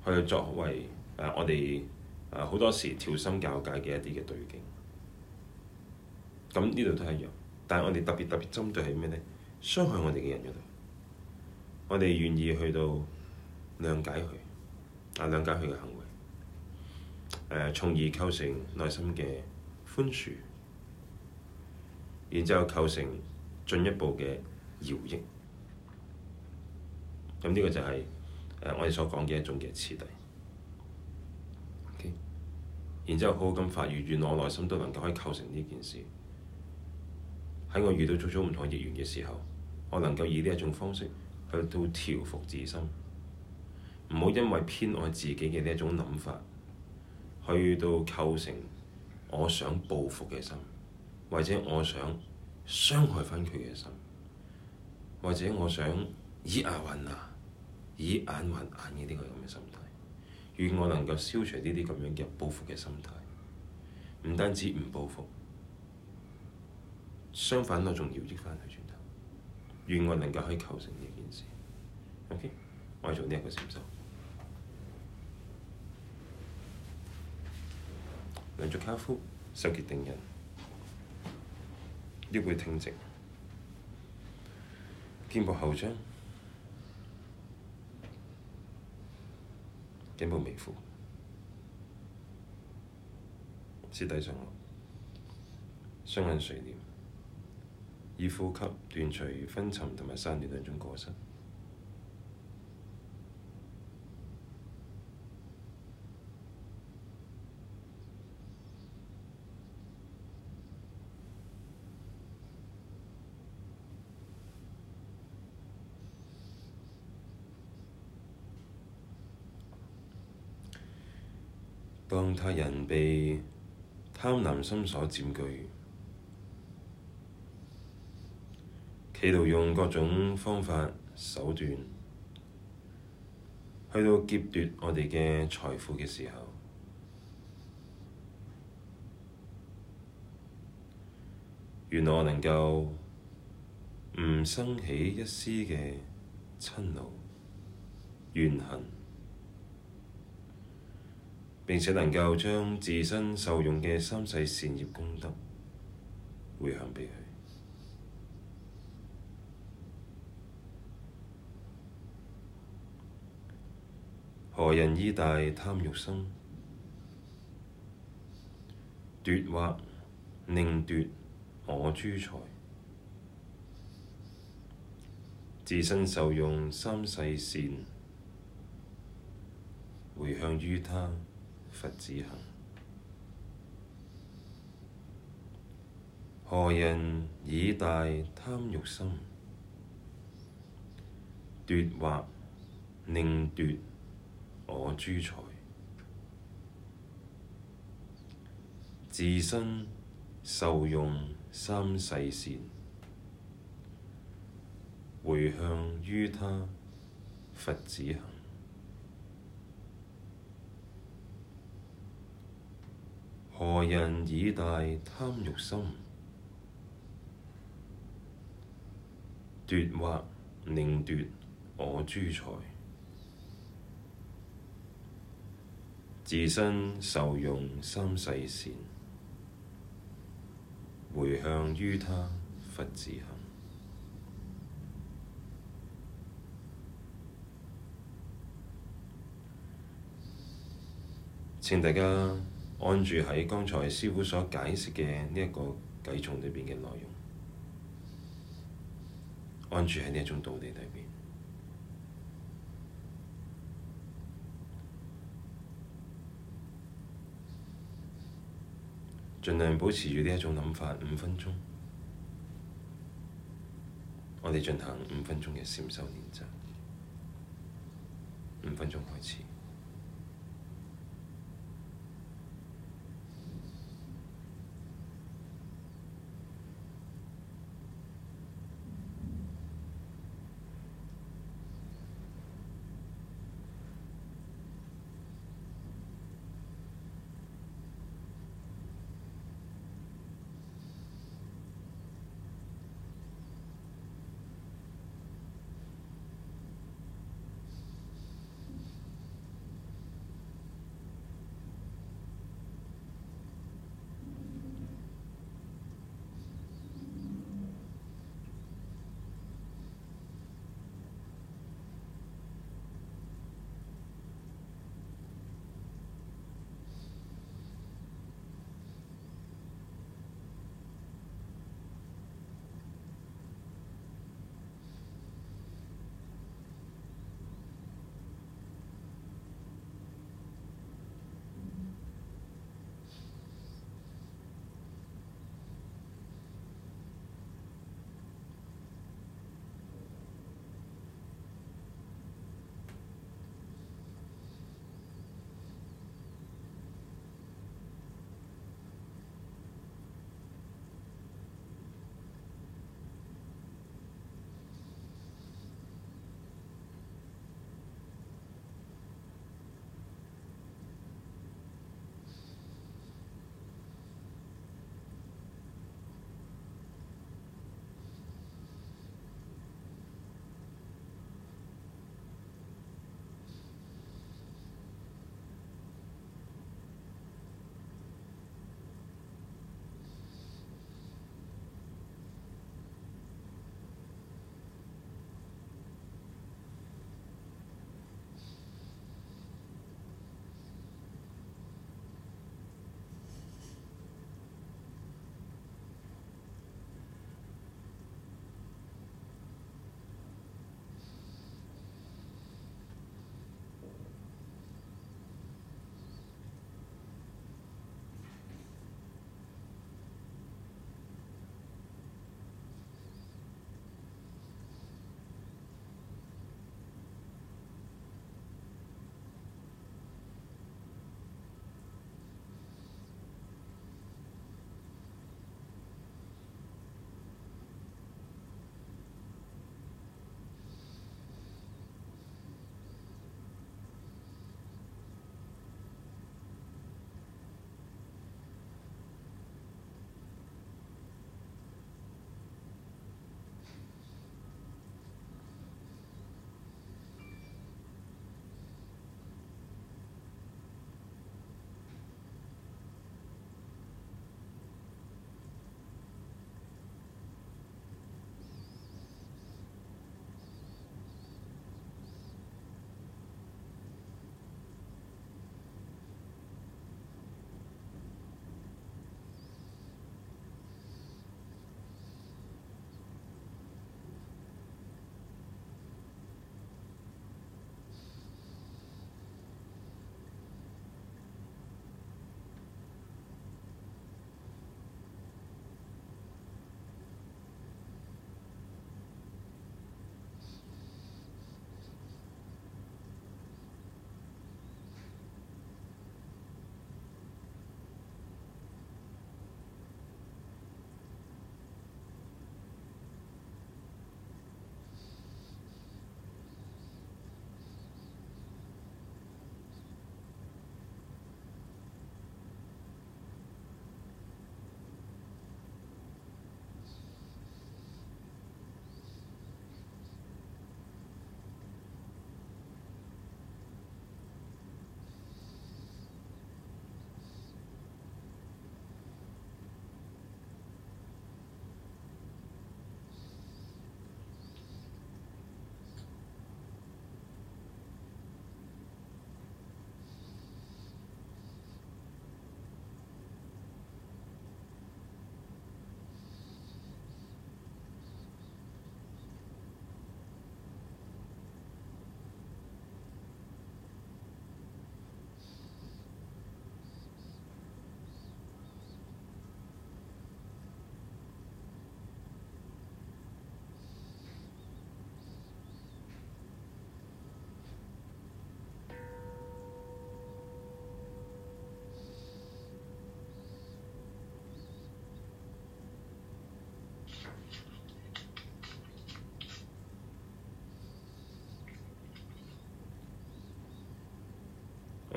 去作為誒、啊、我哋好、啊、多時調心教解嘅一啲嘅對境。咁呢度都係一樣，但係我哋特別特別針對係咩呢？傷害我哋嘅人度，我哋願意去到諒解佢。啊，諒解佢嘅行為，誒、呃，從而構成內心嘅寬恕，然之後構成進一步嘅饒益，咁、嗯、呢、這個就係、是、誒、呃、我哋所講嘅一種嘅慈悲。O.K.，然之後好好咁發願，願我內心都能夠可以構成呢件事。喺我遇到種種唔同嘅逆緣嘅時候，我能夠以呢一種方式去到調服自身。唔好因為偏愛自己嘅呢一種諗法，去到構成我想報復嘅心，或者我想傷害返佢嘅心，或者我想以牙還牙、以眼還眼嘅呢個咁嘅心態。願我能夠消除呢啲咁樣嘅報復嘅心態，唔單止唔報復，相反我仲要益返佢轉頭。願我能夠可以構成呢件事。OK，我要做呢一個選擇。兩隻跏趺，手結定印，腰背挺直，肩部後張，頸部微俯，舌抵上落，雙眼垂簾，以呼吸斷除昏沉同埋散亂兩種過失。當他人被貪婪心所佔據，企圖用各種方法手段去到劫奪我哋嘅財富嘅時候，願我能夠唔生起一絲嘅嗔怒、怨恨。並且能夠將自身受用嘅三世善業功德回向畀佢。何人以大貪欲心，奪或令奪我諸財，自身受用三世善，回向於他。佛子行，何人以大貪欲心，奪或令奪我諸財，自身受用三世善，回向於他佛子行。何人以大貪欲心，奪或令奪我諸財，自身受用三世善，回向於他佛子行。請大家。按住喺剛才師父所解釋嘅呢一個偈頌裏邊嘅內容，按住喺呢一種道理裏邊，盡量保持住呢一種諗法五分鐘。我哋進行五分鐘嘅禪修練習，五分鐘開始。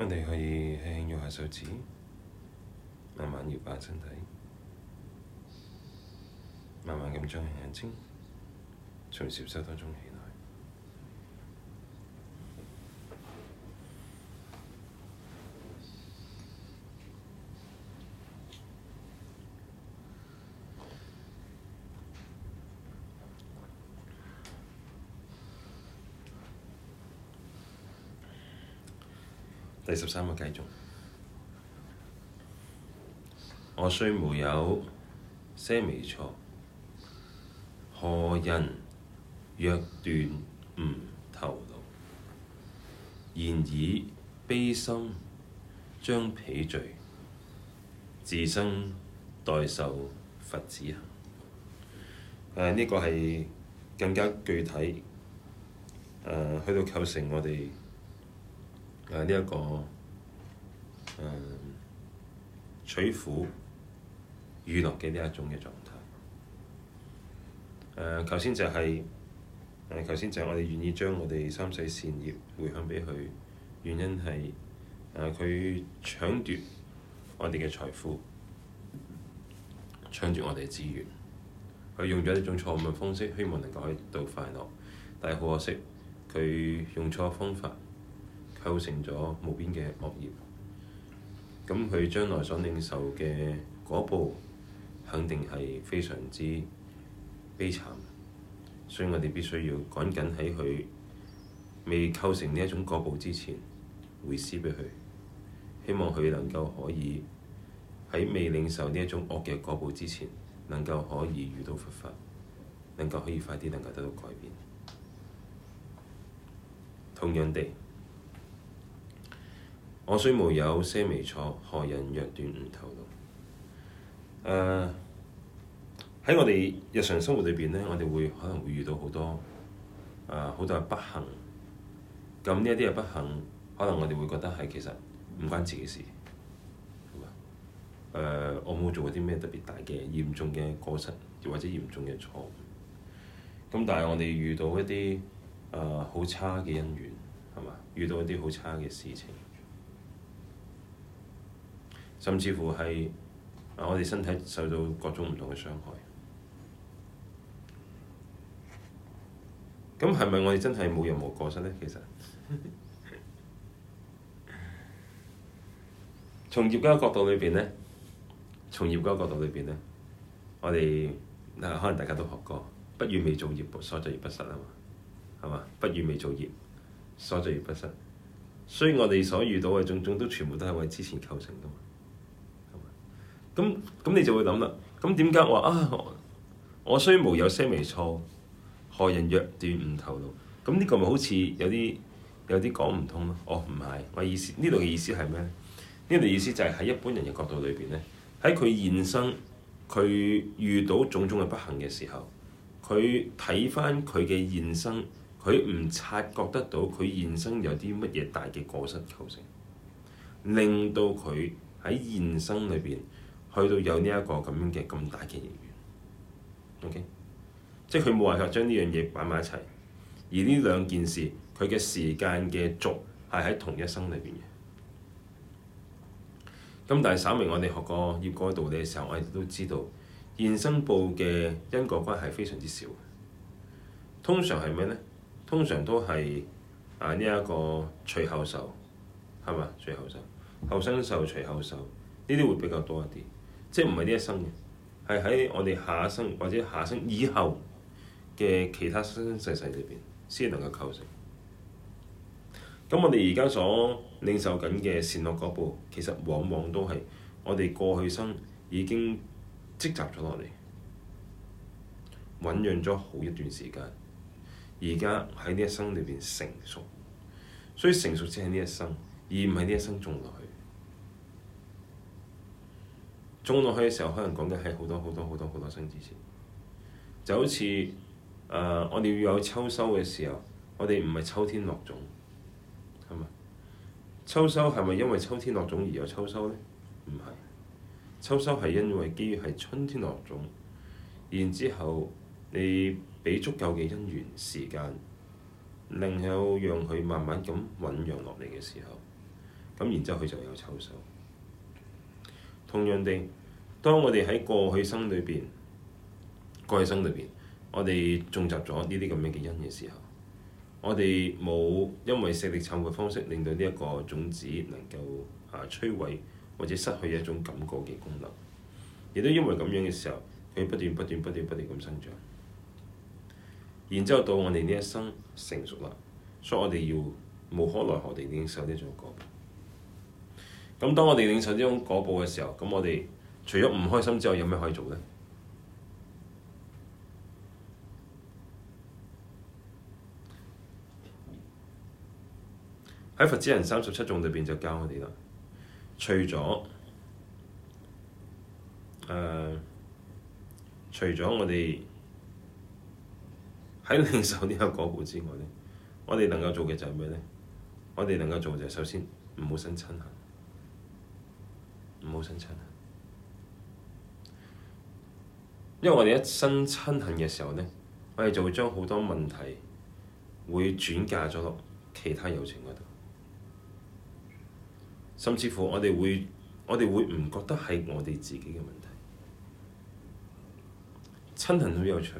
我哋可以輕輕揉下手指，慢慢搖擺身體，慢慢咁張開眼睛，從睡覺當中起來。第十三個偈頌，我雖無有些微錯，何人若斷吾頭顱，然以悲心將彼罪，自身代受佛子行。誒呢、呃，這個係更加具體誒、呃、去到構成我哋。誒呢一個誒、呃、取苦與樂嘅呢一種嘅狀態。誒、呃，頭先就係誒頭先就係我哋願意將我哋三世善業回向畀佢，原因係誒佢搶奪我哋嘅財富，搶奪我哋嘅資源，佢用咗一種錯誤嘅方式，希望能夠可以到快樂，但係好可惜，佢用錯方法。構成咗無邊嘅惡業，咁佢將來所領受嘅果報，肯定係非常之悲慘，所以我哋必須要趕緊喺佢未構成呢一種果報之前，迴向畀佢，希望佢能夠可以喺未領受呢一種惡嘅果報之前，能夠可以遇到佛法，能夠可以快啲能夠得到改變。同樣地。我雖無有些微錯，何人若斷吾頭顱，誒，喺我哋日常生活裏邊呢，我哋會可能會遇到好多誒好、uh, 多不幸。咁呢一啲嘅不幸，可能我哋會覺得係其實唔關自己事，係嘛？、uh, 我冇做過啲咩特別大嘅嚴重嘅過失，或者嚴重嘅錯誤。咁但係我哋遇到一啲誒好差嘅恩怨，係嘛？遇到一啲好差嘅事情。甚至乎係我哋身體受到各種唔同嘅傷害，咁係咪我哋真係冇任何過失呢？其實，從 *laughs* 業家角度裏邊呢，從業家角度裏邊咧，我哋可能大家都學過，不遇未做業，所作而不失。啊嘛，係嘛？不遇未做業，所作而不失。所以我哋所遇到嘅種種都全部都係為之前構成嘅。咁咁你就會諗啦。咁點解我話啊？我雖無有些微錯，何人若斷吾頭顱。咁呢個咪好似有啲有啲講唔通咯？哦，唔係，我意思，呢度嘅意思係咩？呢度意思就係喺一般人嘅角度裏邊咧，喺佢現生佢遇到種種嘅不幸嘅時候，佢睇翻佢嘅現生，佢唔察覺得到佢現生有啲乜嘢大嘅過失構成，令到佢喺現生裏邊，去到有呢、這、一個咁嘅咁大嘅業緣，OK，即係佢冇辦法將呢樣嘢擺埋一齊。而呢兩件事，佢嘅時間嘅軸係喺同一生裏邊嘅。咁但係，稍微我哋學過《業果道理》嘅時候，我哋都知道現生報嘅因果關係非常之少。通常係咩呢？通常都係啊呢一個隨後受係咪？隨後受後生受隨後受呢啲會比較多一啲。即係唔係呢一生嘅，係喺我哋下一生或者下一生以後嘅其他生生世世裏邊先能夠構成。咁我哋而家所領受緊嘅善惡果報，其實往往都係我哋過去生已經積集咗落嚟、醞釀咗好一段時間，而家喺呢一生裏邊成熟。所以成熟只係呢一生，而唔係呢一生中來種落去嘅時候，可能講嘅係好多好多好多好多生之前就好似誒、呃，我哋要有秋收嘅時候，我哋唔係秋天落種，係咪？秋收係咪因為秋天落種而有秋收咧？唔係，秋收係因為基於係春天落種，然之後你畀足夠嘅因緣時間，令到讓佢慢慢咁醞釀落嚟嘅時候，咁然之後佢就有秋收。同樣地。當我哋喺過去生裏邊，過去生裏邊，我哋種植咗呢啲咁樣嘅因嘅時候，我哋冇因為四力懺悔嘅方式令到呢一個種子能夠啊摧毀或者失去一種感覺嘅功能，亦都因為咁樣嘅時候，佢不斷不斷不斷不斷咁生長，然之後到我哋呢一生成熟啦，所以我哋要無可奈何地領受呢種果。咁當我哋領受呢種果報嘅時候，咁我哋。除咗唔開心之外，有咩可以做呢？喺佛子行三十七頌裏面，就教我哋啦。除咗誒、呃，除咗我哋喺領受呢個果報之外咧，我哋能夠做嘅就係咩咧？我哋能夠做嘅就係首先唔好親親下，唔好親親。因為我哋一生嗔恨嘅時候呢，我哋就會將好多問題會轉嫁咗落其他有情嗰度，甚至乎我哋會我哋會唔覺得係我哋自己嘅問題。嗔恨好有趣，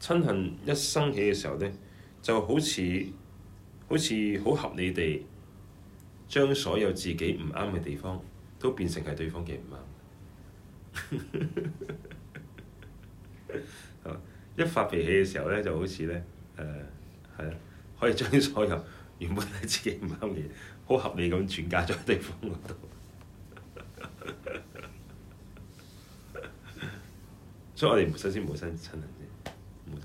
嗔恨一生起嘅時候呢，就好似好似好合理地將所有自己唔啱嘅地方都變成係對方嘅唔啱。 *laughs* 一發脾氣嘅時候咧，就好似咧，誒係啦，可以將所有原本係自己唔啱嘅嘢，好合理咁轉嫁咗喺對方度。 *laughs* 所以我哋唔使先冇親親人先，冇親親。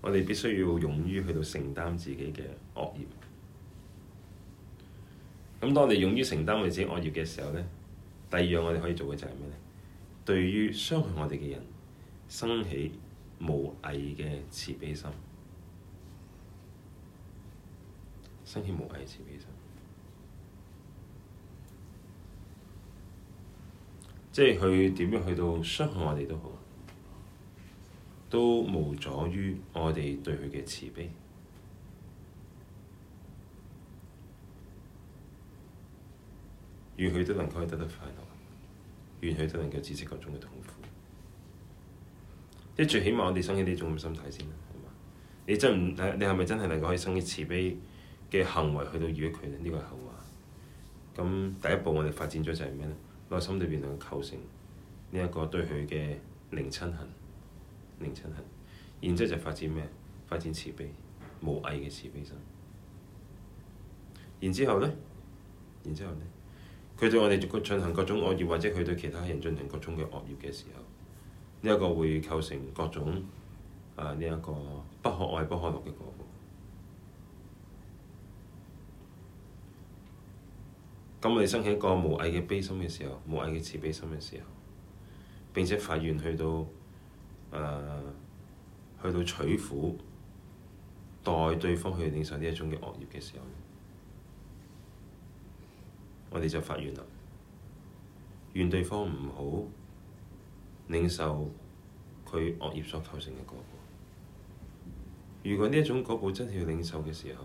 我哋必須要勇於去到承擔自己嘅惡業。咁當我哋勇於承擔自己惡業嘅時候咧？第二樣我哋可以做嘅就係咩咧？對於傷害我哋嘅人，生起無偽嘅慈悲心，生起無偽嘅慈悲心。即係佢點樣去到傷害我哋都好，都無阻於我哋對佢嘅慈悲。願佢都能夠得到快樂，願佢都能夠知識各種嘅痛苦，即係最起碼我哋生起呢種咁嘅心態先啦，係嘛？你真唔你係咪真係能夠可以生起慈悲嘅行為去到遇佢咧？呢個係後話。咁第一步我哋發展咗就係咩咧？內心裏邊能夠構成呢一、這個對佢嘅憐親恨，憐親恨，然之後就發展咩？發展慈悲，無偽嘅慈悲心。然之後呢？然之後呢？佢對我哋進行各種惡業，或者佢對其他人進行各種嘅惡業嘅時候，呢、這、一個會構成各種啊呢一、這個不可愛不可樂嘅果果。咁我哋生起一個無偽嘅悲心嘅時候，無偽嘅慈悲心嘅時候，並且發願去到誒、啊、去到取苦，代對方去領受呢一種嘅惡業嘅時候。我哋就發願啦，願對方唔好領受佢惡業所構成嘅果報。如果呢一種果報真係要領受嘅時候，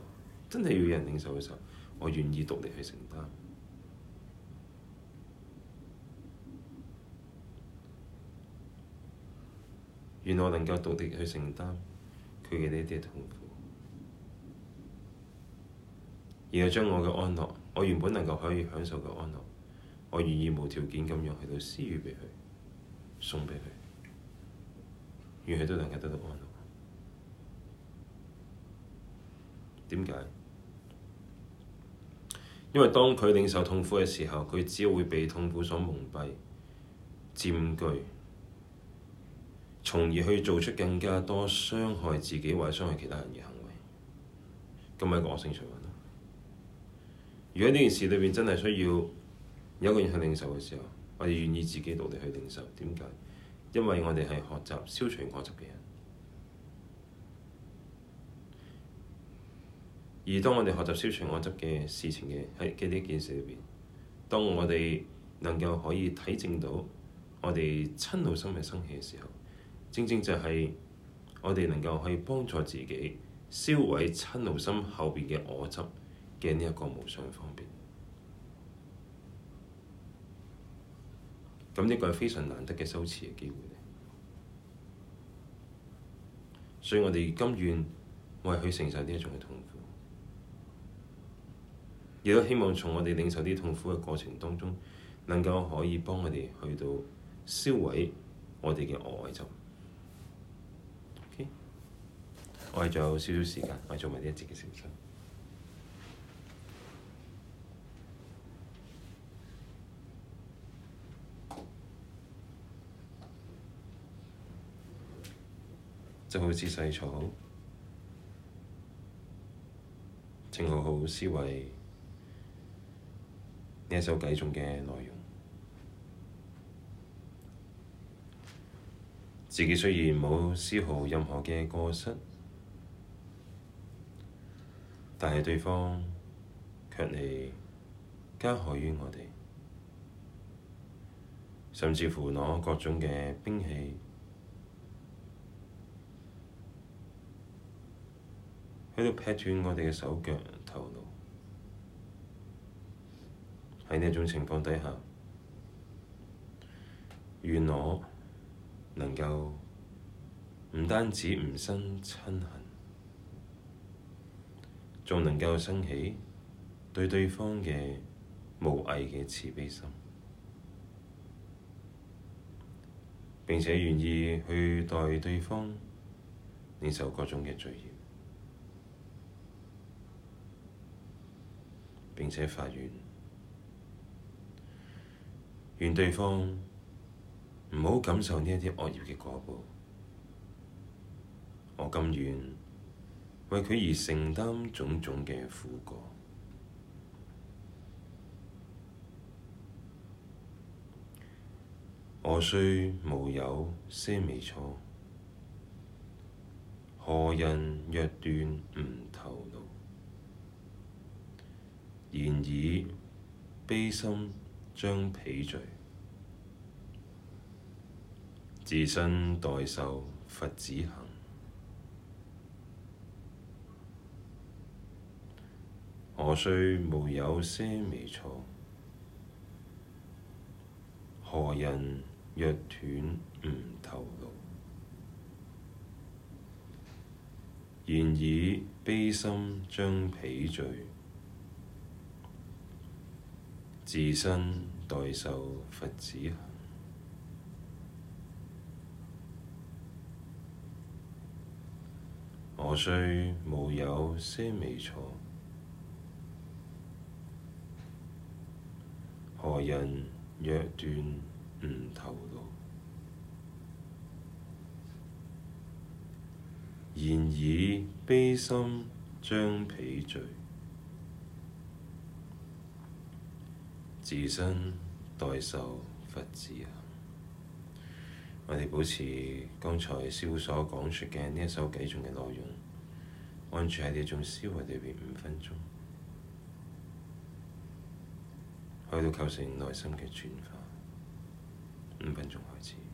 真係要有人領受嘅時候，我願意獨力去承擔。願我能夠獨力去承擔佢嘅呢啲痛苦，然後將我將我嘅安樂。我原本能夠可以享受嘅安樂，我願意無條件咁樣去到施予畀佢，送畀佢，願佢都能夠得到安樂。點解？因為當佢領受痛苦嘅時候，佢只會被痛苦所蒙蔽、佔據，從而去做出更加多傷害自己或者傷害其他人嘅行為，咁係一個惡性循環。如果呢件事裏面真係需要有一個人去領受嘅時候，我哋願意自己努力去領受。點解？因為我哋係學習消除我執嘅人。而當我哋學習消除我執嘅事情嘅喺呢件事裏面，當我哋能夠可以體證到我哋嗔怒心嘅生起嘅時候，正正就係我哋能夠可以幫助自己消毀嗔怒心後邊嘅我執。嘅呢一個無上方便，咁、這、呢個係非常難得嘅修持嘅機會。所以我哋甘願，我係去承受呢種嘅痛苦，亦都希望從我哋領受啲痛苦嘅過程當中，能夠可以幫我哋去到燒毀我哋嘅愛執，O.K. 我哋仲有少少時間，我哋做埋呢一節嘅修習。就好似姿勢坐好，正好好思維呢一首偈中嘅內容。自己雖然冇絲毫任何嘅過失，但係對方卻嚟加害於我哋，甚至乎攞各種嘅兵器。喺度劈斷我哋嘅手腳頭腦，喺呢一種情況底下，願我能夠唔單止唔生嗔恨，仲能夠生起對對方嘅無偽嘅慈悲心，並且願意去代對方領受各種嘅罪業。並且發願，願對方唔好感受呢一啲惡業嘅果報。我甘願為佢而承擔種種嘅苦果。我雖無有些微錯，何人若斷吾然以悲心將彼罪，自身代受佛子行，我雖無有些微錯，何人若斷吾頭顱，然以悲心將彼罪。自身代受佛子行，我雖無有些微錯？何人若斷吾頭顱，然以悲心將彼罪。自身代受佛子行！我哋保持剛才師父所講出嘅呢一首偈頌嘅內容，安住喺呢一種思維裏面五分鐘，去到構成內心嘅轉化。五分鐘開始。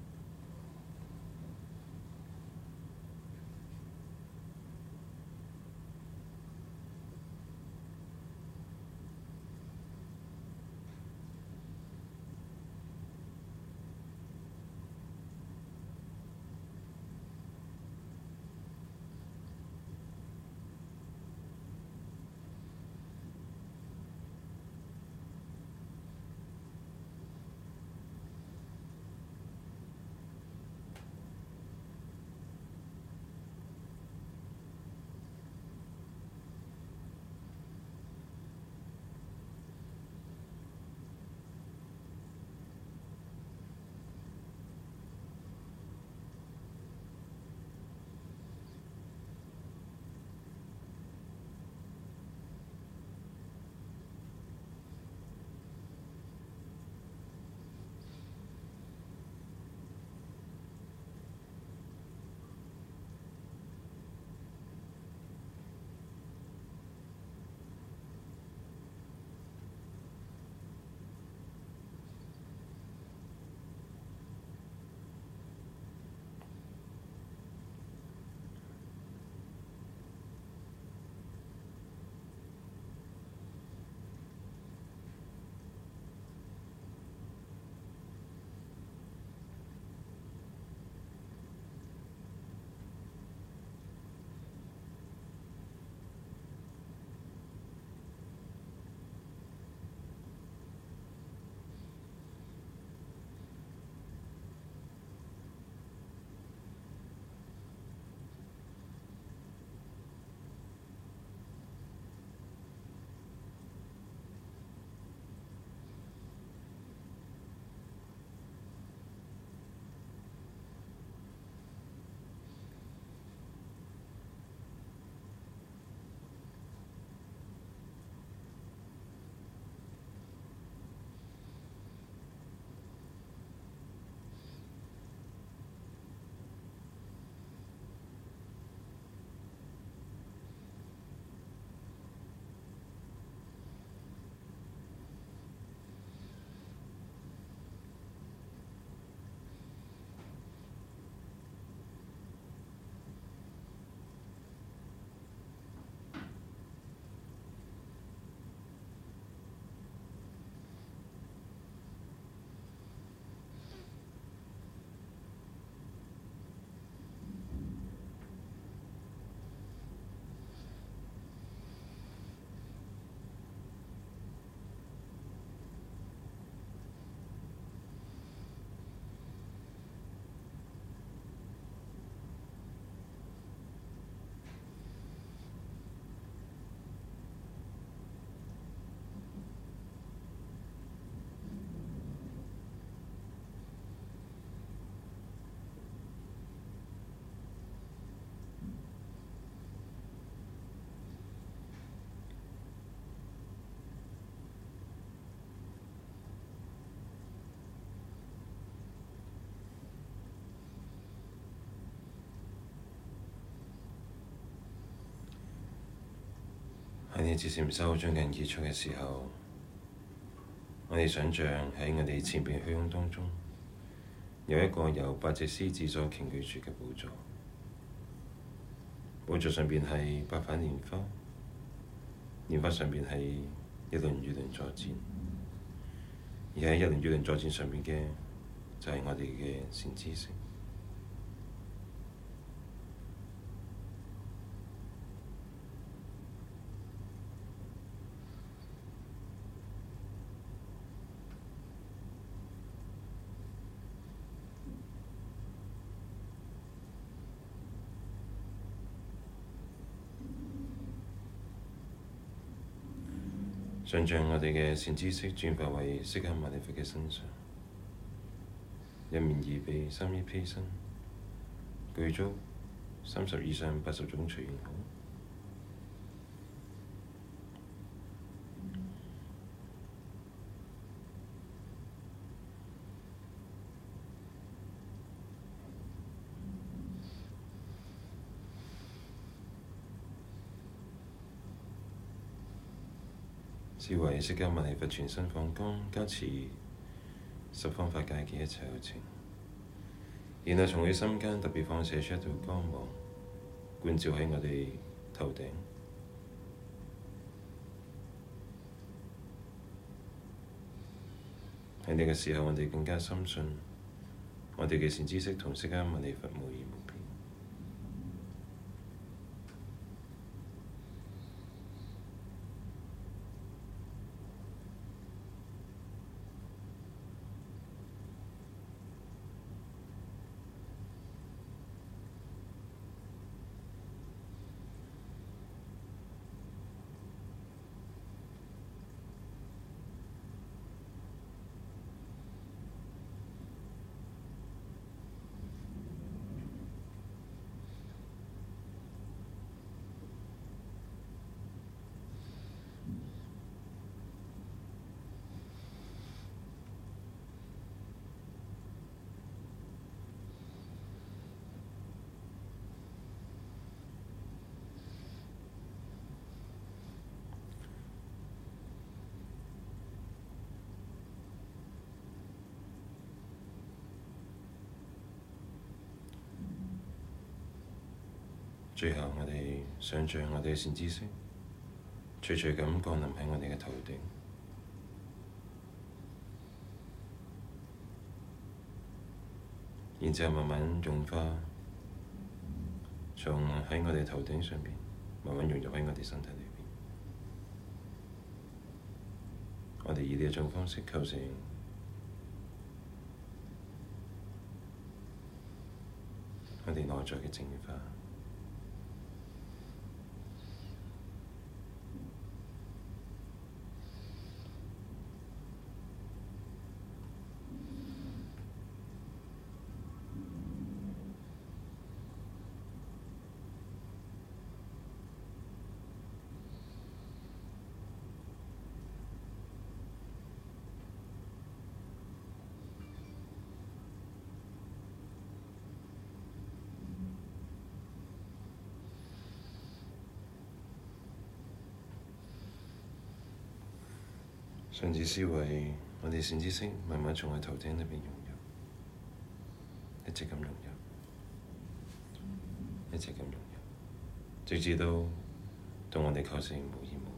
喺你漸漸收好最近結束嘅時候，我哋想像喺我哋前邊虛空當中，有一個由八隻獅子所擎舉住嘅寶座，寶座上面係八瓣蓮花，蓮花上面係一輪月亮座墊，而喺一輪月亮座墊上面嘅，就係、是、我哋嘅善知識。想將我哋嘅善知識轉化為釋迦牟尼佛嘅身上，一面二臂，三衣披身，具足三十以上八十種隨緣好智慧釋迦牟尼佛全身放光，加持十方法界嘅一切有情，然後從佢心間特別放射出一道光芒，觀照喺我哋頭頂。喺呢個時候，我哋更加深信，我哋嘅善知識同釋迦牟尼佛無異。最後，我哋想像我哋嘅善知識，徐徐咁降臨喺我哋嘅頭頂，然後慢慢融化，從喺我哋頭頂上面，慢慢融入喺我哋身體裏邊。我哋以呢一種方式構成我哋內在嘅淨化。上次思維，我哋善知識慢慢從我頭頂裏面融入，一直咁融入，一直咁融入，直至到對我哋確實無意無。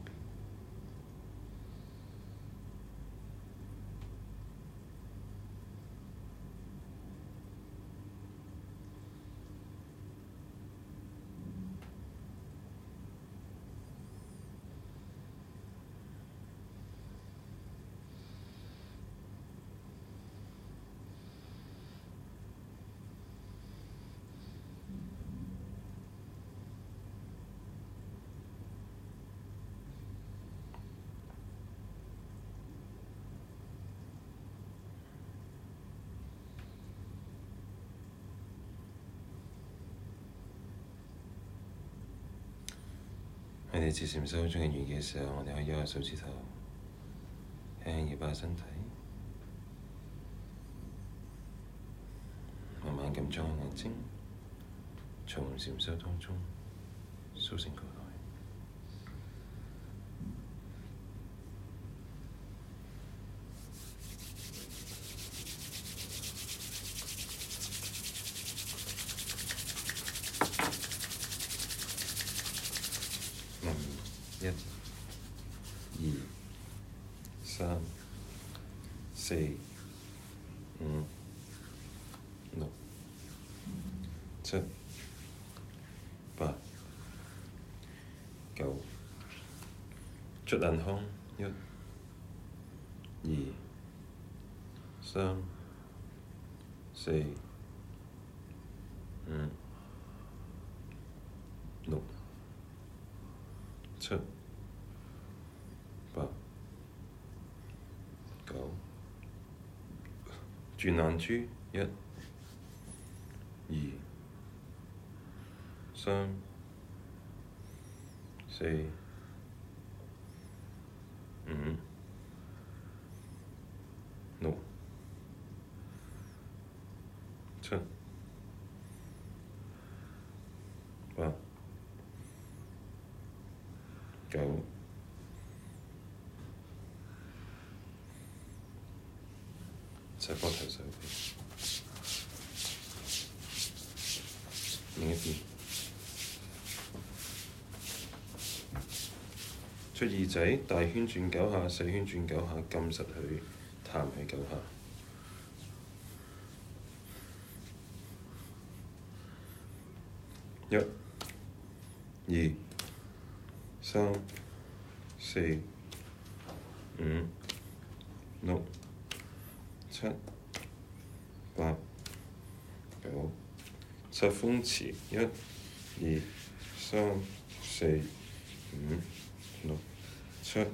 在禪修中嘅餘嘅時候，我哋可以喐下手指頭，輕輕搖下身體，慢慢張開眼睛，從禪修當中舒展佢。出南空，一、二、三、四、五、六、七、八、九。轉眼珠，一、二、三、四。出耳仔，大圈轉九下，細圈轉九下，撳實佢，彈起九下。一、二、三、四、五、六。七、八、九，七分詞，一、二、三、四、五、六、七、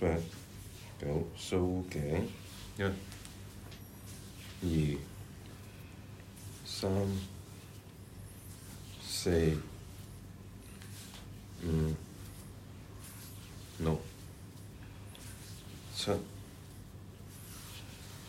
八、九，縮頸，一、二、三、四、五、六、七。